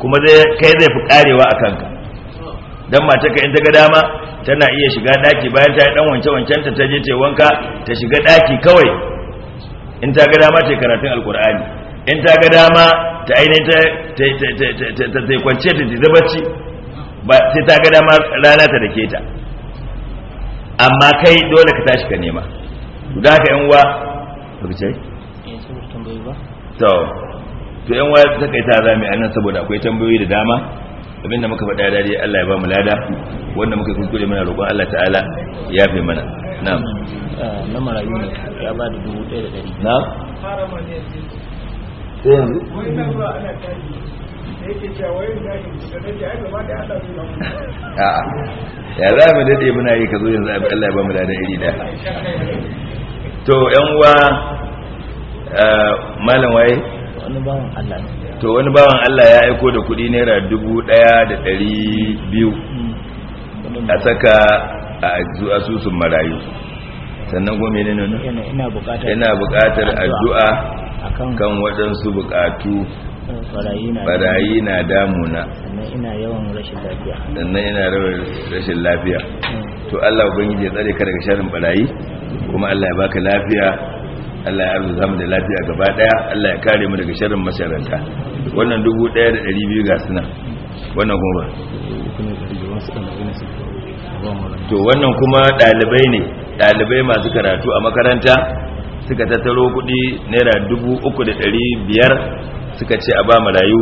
kuma kai zai fi karewa a kanka don mace ka in ta ga dama tana iya shiga daki bayan ta yi dan wance wancen ta ta je ta wanka ta shiga daki kawai in ta ga dama ta karatun alkur'ani in ta ga dama ta aini ta ta ta kwance ta ji zabarci ba sai ta ga dama rana ta dake ta amma kai dole ka tashi ka nema da ka yan uwa eh, ba ka ce to to yan uwa ta kai ta zame anan saboda akwai tambayoyi da dama abin da muka faɗa dai Allah ya ba mu lada wanda muka kuskure mana roƙon Allah ta'ala ya fi mana na'am ah, na marayu ne ya ba da dubu ɗaya da ɗari eh, na ya za mu daɗe muna yi ka zo yanzu abin Allah ya ba mu lada iri da to yan uwa ah, malam waye wani bawan Allah ne to wani bawan Allah ya aiko da kudi naira dubu daya da dari biyu a saka a asusun marayu sannan kuma ne nuna yana bukatar addu'a kan waɗansu bukatu barayi na damuna sannan ina yawan rashin lafiya mm. to Allah ubangiji ya tsare ka daga sharin barayi kuma Allah ya baka lafiya Allah ya arzuta mu da lafiya gaba daya Allah ya kare mu daga sharrin masharanta wannan 1200 ga suna wannan kuma ba to wannan kuma dalibai ne dalibai masu karatu a makaranta suka tattaro kudi naira 3500 suka ce a ba marayu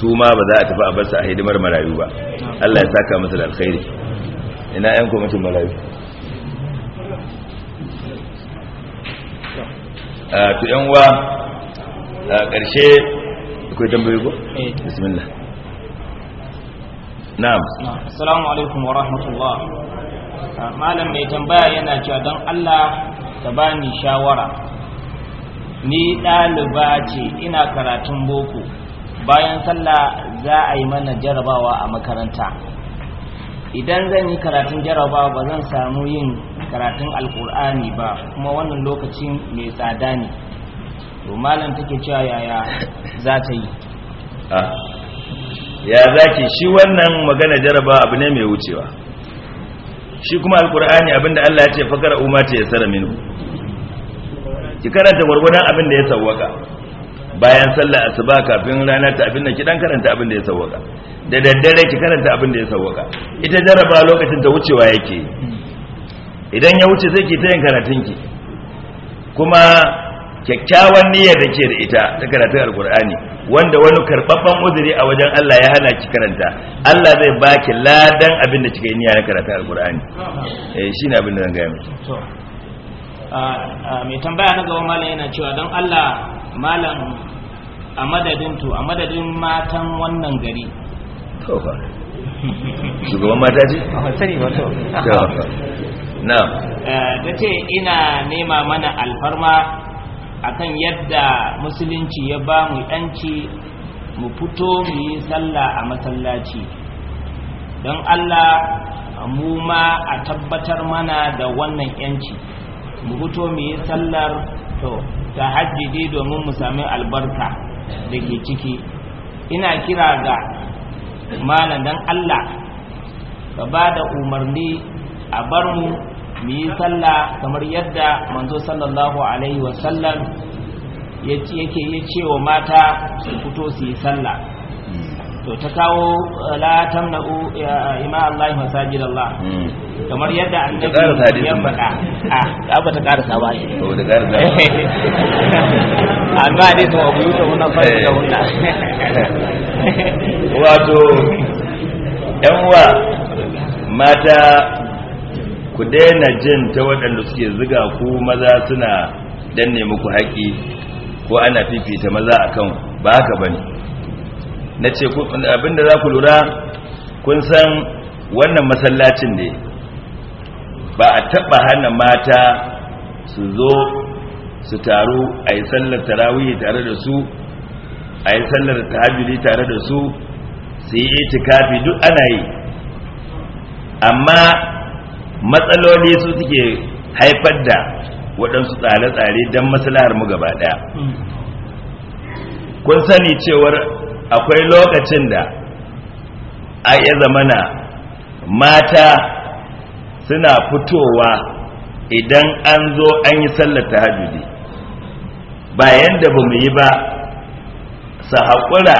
su ma ba za a tafi a barsa a hidimar marayu ba Allah ya saka musu da alkhairi ina yan mutum marayu Eh, to yan uwa a eh, ƙarshe akwai tambayi ko eh. bismillah na'am assalamu alaikum wa rahmatullah malam mai tambaya yana cewa don Allah ta bani shawara ni ɗaliba ce ina karatun boko bayan sallah za a yi mana jarabawa a makaranta idan zan yi karatun jarabawa ba zan samu yin karatun alkur'ani ba kuma wannan lokacin mai tsada ne to malam take cewa yaya za ta yi ah, ya zaki shi wannan magana jaraba abu ne mai wucewa shi kuma alkur'ani abinda Allah ya ce fakara umma ta yasara minu ki karanta gwargwadon abinda ya sawwaka bayan sallar asuba kafin rana ta abin da ki dan karanta abin da ya sauka da daddare ki karanta abin da ya sawwaka ita jaraba lokacin ta wucewa yake idan ya wuce sai ki ta yin karatun ki kuma kyakkyawan niyyar da ke da ita ta karatun alkur'ani wanda wani karɓaɓɓen uzuri a wajen Allah ya hana ki karanta Allah zai baki ladan abin da kika yi niyya na karatun alkur'ani eh shine abin da zan gaya miki mai tambaya na gaba malam yana cewa don Allah malam a madadin to a madadin matan wannan gari shugaban mata ce? sani wato na ta ce ina nema mana alfarma akan yadda musulunci ya ba mu yanci mu fito mu yi sallah a masallaci don Allah mu ma a tabbatar mana da wannan yanci mu fito mu yi sallar to dai domin mu sami albarka da ke ciki ina kira ga malam dan Allah ka ba da umarni a bar mu mu yi sallah kamar yadda manzo sallallahu alaihi wasallam yake ya cewa mata su fito su yi sallah to ta kawo eh, la tamna'u ima Allah masajid Allah hmm. kamar yadda annabi ya faɗa (laughs) ah. a ba ta karasa ba ne to da karasa (laughs) amma dai to abu yuta wannan fara da eh. wannan (laughs) wato yan uwa mata ku daina jin ta waɗanda suke ziga ku maza suna danne muku haƙi ko ana fifita maza akan ba haka bane na ce abinda za ku lura kun san wannan masallacin ne ba a taɓa hana mata su zo su taru a yi sallar tarawihi tare da su a yi sallar tahajjudi tare da su su yi itikafi duk ana yi amma matsaloli su suke haifar da waɗansu tsare-tsare don maslahar mu gaba ɗaya hmm. kun sani cewar akwai lokacin da a iya zamana mata suna fitowa idan an zo an yi sallar hajjudi bayan da ba mu yi ba su haƙura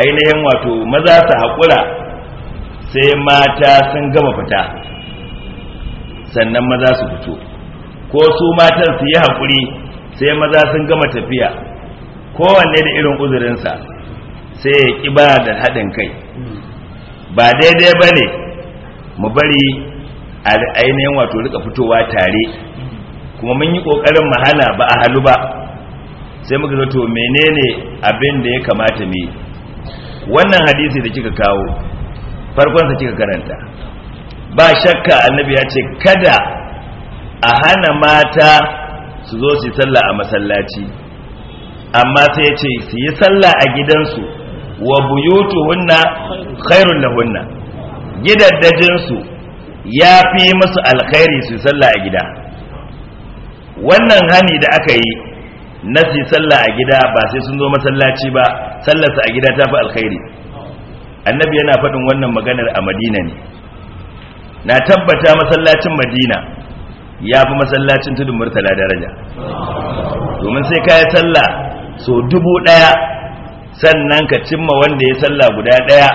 ainihin wato maza su haƙura sai mata sun gama fita sannan maza su fito ko su matan su yi haƙuri sai maza sun gama tafiya kowanne da irin uzurinsa sai ya ƙi ba da haɗin kai ba daidai ba ne mu bari ainihin wato rika fitowa tare kuma mun yi ƙoƙarin mahana ba a halu ba sai muka zato menene abin da ya kamata mu wannan hadisi da kika kawo farkonsa kika karanta ba shakka annabi ya ce kada a hana mata su zo su yi sallah a masallaci amma sai ya ce su yi sallah a gidansu wa buyutu hunna khairun lahunna gidaddajin su ya fi musu alkhairi su sallah a gida wannan hani da aka yi na su sallah a gida ba sai sun zo masallaci ba sallarsa a gida ta fi alkhairi annabi yana faɗin wannan maganar a madina ne na tabbata masallacin madina ya fi masallacin tudun murtala daraja domin sai kayi sallah so dubu ɗaya sannan ka cimma wanda ya salla guda daya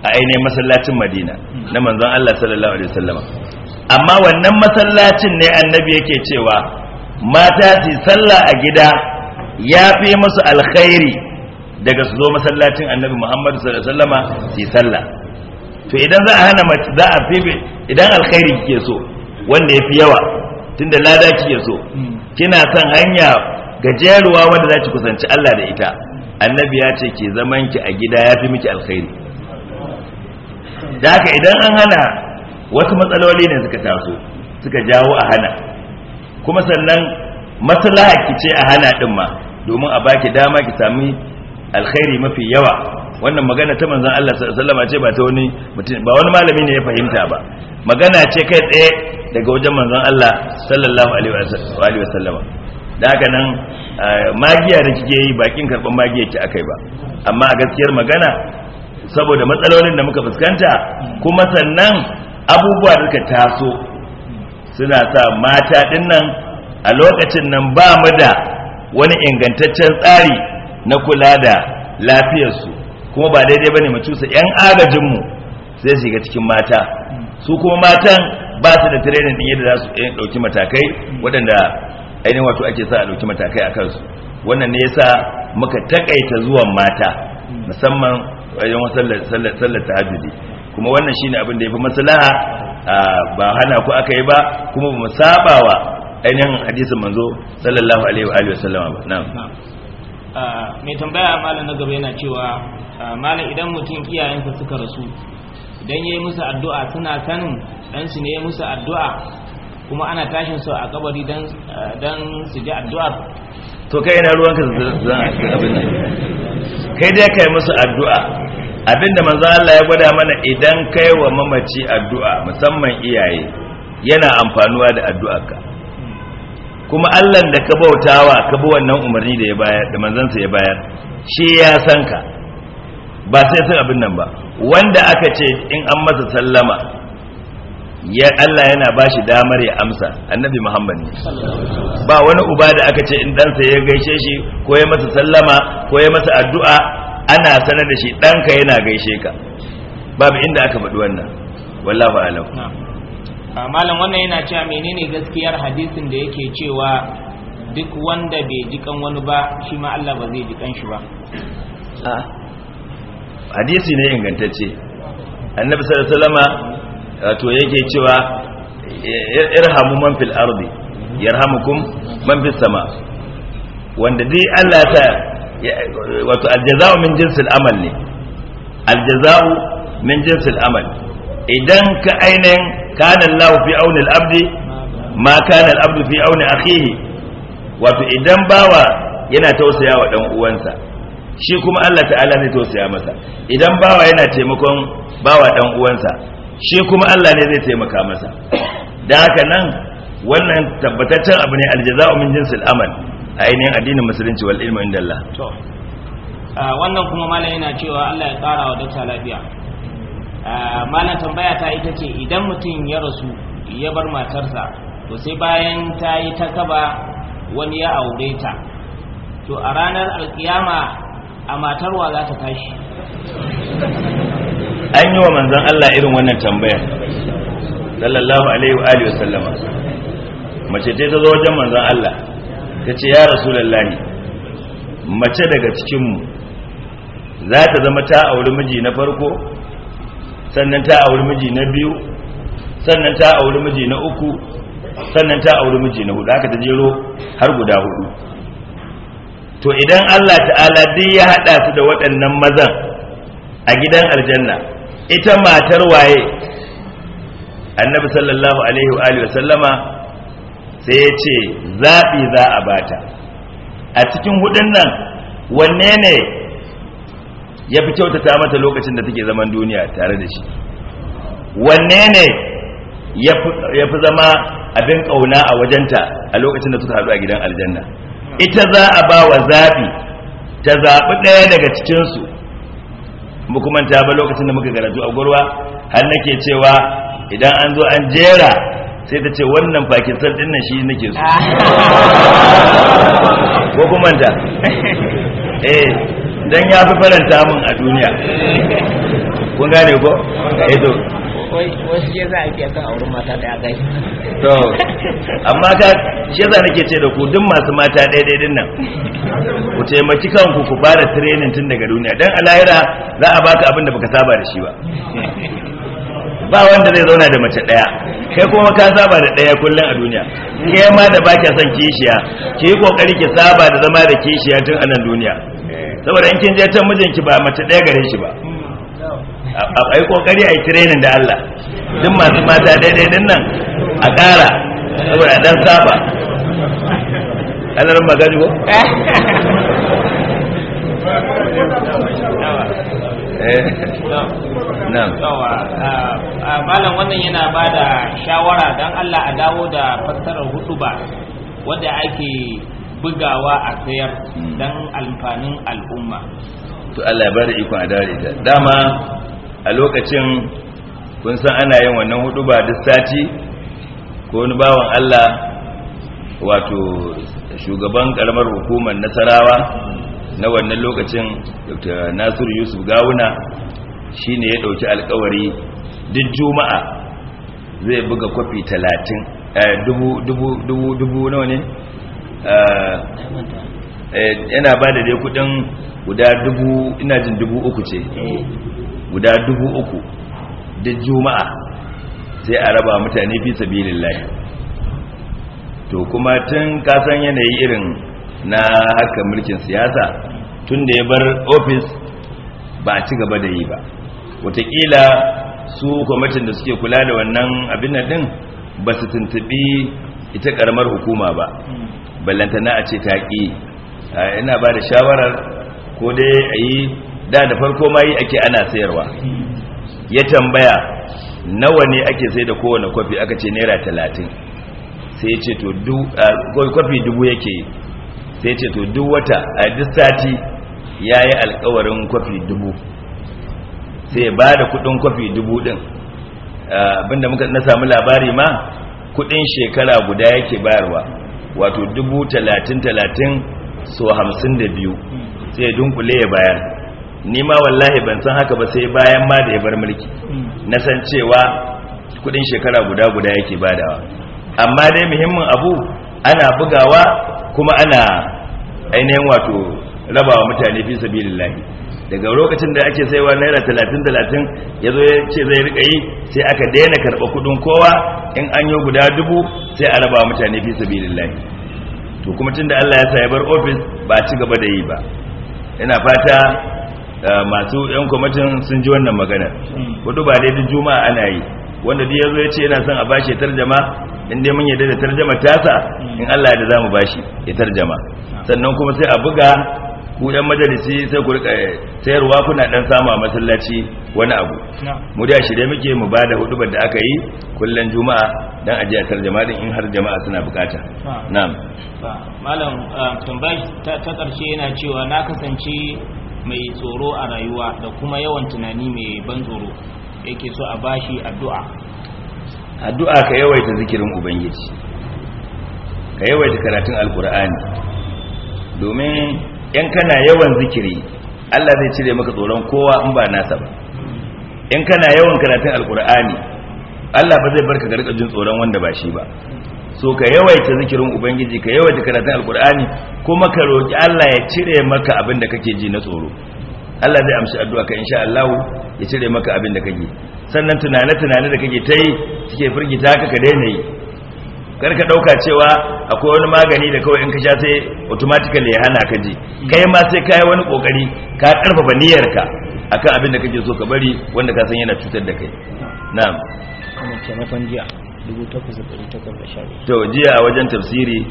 a ainihin masallacin madina na manzon Allah sallallahu alaihi wasallama amma wannan masallacin ne annabi yake cewa mata su salla a gida ya fi musu alkhairi daga su zo masallacin annabi muhammadu sallallahu alaihi wasallama su sallah to idan za a hana za a fi idan alkhairi kike so wanda ya fi yawa tunda lada kike so hmm. kina son hanya gajeruwa wanda za ki kusanci Allah da ita annabi ya ce ke zaman ki a gida ya fi miki alkhairi daga idan an hana wasu matsaloli ne suka taso suka jawo a hana kuma sannan maslaha ki ce a hana din ma domin a baki dama ki sami alkhairi mafi yawa wannan magana ta manzon Allah sallallahu alaihi ce ba ta wani mutum ba wani malami ne ya fahimta ba magana ce kai tsaye daga wajen manzon Allah sallallahu alaihi wasallam da haka nan Eh, magiya da kike yi bakin karban magiya ki akai ba amma a gaskiyar magana saboda matsalolin da muka fuskanta kuma sannan abubuwa da suka taso suna sa mata dinnan a lokacin nan ba mu da wani ingantaccen tsari na kula da lafiyarsu kuma ba daidai bane mu cusa yan mu sai shiga cikin mata su kuma matan ba su da training din yadda za su eh, ɗauki matakai waɗanda ainihin wato ake sa a dauki matakai a kansu wannan ne yasa muka takaita zuwan mata musamman wajen sallar tahajjudi kuma wannan shine abin da yafi maslaha ba hana ku aka yi ba kuma ba mu saba wa ainihin hadisin manzo sallallahu alaihi wa alihi wasallama ba na'am mai tambaya malam na gaba yana cewa malam idan mutum iyayensa suka rasu idan yayi musu addu'a suna sanin dan su ne musu addu'a kuma ana tashin su a kabari don su ji addu'ar to kai ruwan ruwanka zan abin nan kai dai kai musu addu'a abinda manzan Allah ya gwada mana idan kai wa mamaci addu'a musamman iyaye yana amfanuwa da addu'arka kuma Allah da ka bautawa ka bi wannan umarni da ya bayar da manzansa ya bayar shi ya san ka ba sai sun abin nan ba wanda aka ce in an masa sallama ya Allah yana bashi damar ya amsa annabi Muhammad ne ba wani uba da aka ce in ɗansa ya gaishe shi ko ya masa sallama ko ya masa addu'a ana sanar da shi ɗanka yana gaishe ka babu inda aka faɗi wannan wallahu alam ah, malam wannan yana cewa menene gaskiyar hadisin da yake cewa duk wanda bai ji kan wani ba shi ma Allah ba zai ji kan shi ba hadisi ne ingantacce annabi sallallahu alaihi wasallama to yake cewa irhamu man fil ardi yarhamukum man fis sama wanda dai Allah ta wato aljaza'u min jinsil amal ne aljaza'u min jinsil amal idan ka ainihin kana Allah fi auni al-abdi ma kana al-abdu fi auni akhihi wato idan bawa yana tausaya wa dan uwansa shi kuma Allah ta'ala zai tausaya masa idan bawa yana taimakon bawa dan uwansa shi kuma Allah ne zai taimaka masa da haka nan wannan tabbataccen abu ne aljaza'u min jinsil amal ainihin addinin musulunci wal ilmu inda Allah to wannan kuma malam yana cewa Allah ya tsara wa dakta lafiya malam tambaya ta ita ce idan mutum ya rasu ya bar matarsa to sai bayan ta yi ta kaba wani ya aure ta to a ranar alkiyama a matarwa za ta tashi an yi wa manzon Allah irin wannan tambayar sallallahu alaihi wa alihi wasallama mace ce ta zo wajen manzon Allah ta ce ya rasulullahi mace daga cikin mu za ta zama ta auri miji na farko sannan ta auri miji na biyu sannan ta auri miji na uku sannan ta auri miji na hudu haka ta jero har guda hudu to idan Allah ta'ala duk ya hada su da waɗannan mazan a gidan aljanna ita matar waye annabi sallallahu alaihi wa alihi sallama sai ya ce zaɓi za a bata a cikin hudun nan wanne ne ya fi kyautata mata lokacin da take zaman duniya tare da shi wanne ne ya fi zama abin ƙauna a wajenta a lokacin da suka haɗu a gidan aljanna ita za a ba wa zaɓi ta zaɓi ɗaya daga cikinsu muku manta ba lokacin da muka garatu a gurwa har nake cewa idan an zo an jera sai ta ce wannan pakistan din nan shi nake so ko kuma ta eh dan ya fi faranta mun a duniya kun gane ko eh to wasu ya za a biya kan auren mata da ya gashi to amma ka shi yasa nake ce da ku duk masu mata daidai din nan ku taimaki kanku ku ba da training tun daga duniya dan a lahira za a baka abin da baka saba da shi ba ba wanda zai zauna da mace daya kai kuma ka saba da daya kullum a duniya kai ma da kya son kishiya ki yi kokari ki saba da zama da kishiya tun a nan duniya saboda in kin je can mijinki ba mace daya gare shi ba a yi kokari a yi training da Allah duk masu mata daidai din nan a kara saboda dan saba alarin magani ko eh, eh, eh, malam wannan yana ba da shawara don Allah a dawo da fassarar hudu ba wadda ake bugawa a sayar hmm. don alfanin al'umma to Allah ya bari ikon a dare da dama a lokacin kun san ana yin wannan hudu ba duk sati ko wani bawan Allah wato shugaban karamar hukumar nasarawa na wannan lokacin dr nasiru yusuf gawuna shi ne ya dauki alkawari duk juma'a zai buga kwafi talatin eh, dubu dubu dubu dubu nawa ne eh, eh, yana ba da dai kudin guda dubu ina jin dubu uku ce guda dubu uku da juma'a sai a raba mutane fi sabilillahi to kuma tun kasan yanayi irin na haka mulkin siyasa tun da ya bar ofis ba a ci gaba da yi ba wataƙila su kwamitin da suke kula da wannan abin nan din ba su tuntubi ita ƙaramar hukuma ba ballantana a ce taƙi ina ba da shawarar ko dai a yi da da farko ma yi ake ana sayarwa ya tambaya nawa ne ake sai da kowane kwafi aka ce naira talatin sai ya ce to kwafi dubu yake sai ce to duk wata a duk sati ya yi alkawarin kwafi dubu sai ba da kudin kwafi dubu din abinda muka na samu labari ma kudin shekara guda yake bayarwa wato dubu talatin talatin so hamsin da biyu sai dunkule ya bayar ni ma wallahi ban san haka ba sai bayan ma da ya bar mulki hmm. na san cewa kudin shekara guda guda yake badawa amma dai muhimmin abu ana bugawa kuma ana ainihin wato rabawa mutane fi sabilillahi daga lokacin da ake saiwa naira talatin talatin ya zo ya ce zai rika yi sai aka daina karɓa kudin kowa in an yi guda dubu sai a raba mutane fi sabilillahi to kuma tun da Allah ya sa ya bar ofis ba ci gaba da yi ba ina fata Eh, masu yan kwamitin sun ji wannan magana hudu ba dai juma'a ana yi wanda duk yazo ya ce yana son a bashi tarjama in dai mun yarda da tarjama tasa in Allah ya da zamu bashi ya tarjama sannan kuma sai a buga ku yan majalisi sai ku rika eh, sayarwa kuna dan a masallaci wani abu mu da shi dai muke mu bada hudu da aka yi kullun juma'a dan aje tarjama din in har jama'a suna bukata na'am malam eh, tambayi ta karshe yana cewa na kasance mai tsoro a rayuwa da kuma yawan tunani mai ban tsoro yake so a bashi addu'a addu'a ka yawaita zikirin ubangiji ka yawaita karatun alkur'ani domin yan kana yawan zikiri Allah zai cire maka tsoron kowa in ba nasa ba in kana yawan karatun alkur'ani Allah ba zai barka ka rika jin tsoron wanda ba shi ba so ka yawaita zikirin ubangiji ka yawaita karatun alkur'ani kuma ka roki Allah ya cire maka abin da kake ji na tsoro Allah zai amshi addu'a ka insha Allah ya cire maka abin da kake sannan tunane tunane da kake tai suke firgita ka ka daina yi kar ka dauka cewa akwai wani magani da kawai in ka sha sai automatically ya hana ka ji kai ma sai kai wani kokari ka karfafa niyyarka akan abin da kake so ka bari wanda ka san yana cutar da kai na'am kuma 18,812 to jiya a wajen tafsiri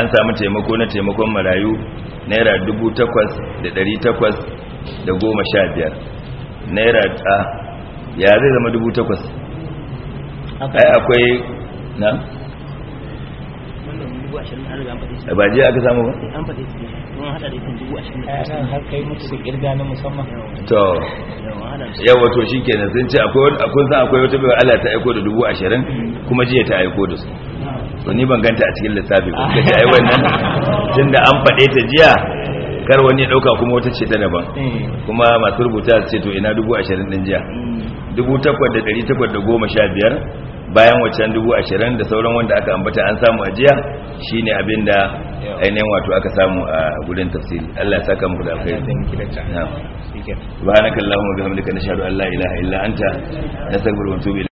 an samu taimako na taimakon marayu naira 8,815 naira a ya zai zama 8,000 ai akwai na ba jiya aka samu ba? Eh, an faɗi mun hada kai mutu da kirga na musamman to yawa to shi kenan sun ce akwai za akwai wata bai Allah ta aiko da dubu ashirin kuma jiya ta aiko da su to ni ban ganta a cikin lissafi ba a ai wannan tun da an faɗe ta jiya kar wani ya ɗauka kuma wata ce ta daban eh. kuma masu rubuta su ce to ina dubu ashirin ɗin jiya hmm. dubu takwas da ɗari takwas da goma sha biyar bayan waccan dubu ashirin da sauran wanda aka ambata an samu ajiya shi ne abin da ainihin wato aka samu a gudun tafsiri allah saka muku da alkhairu da muke da ta subhanakallahumma bihamdika nashhadu an la ilaha illa anta nastaghfiruka wa natubu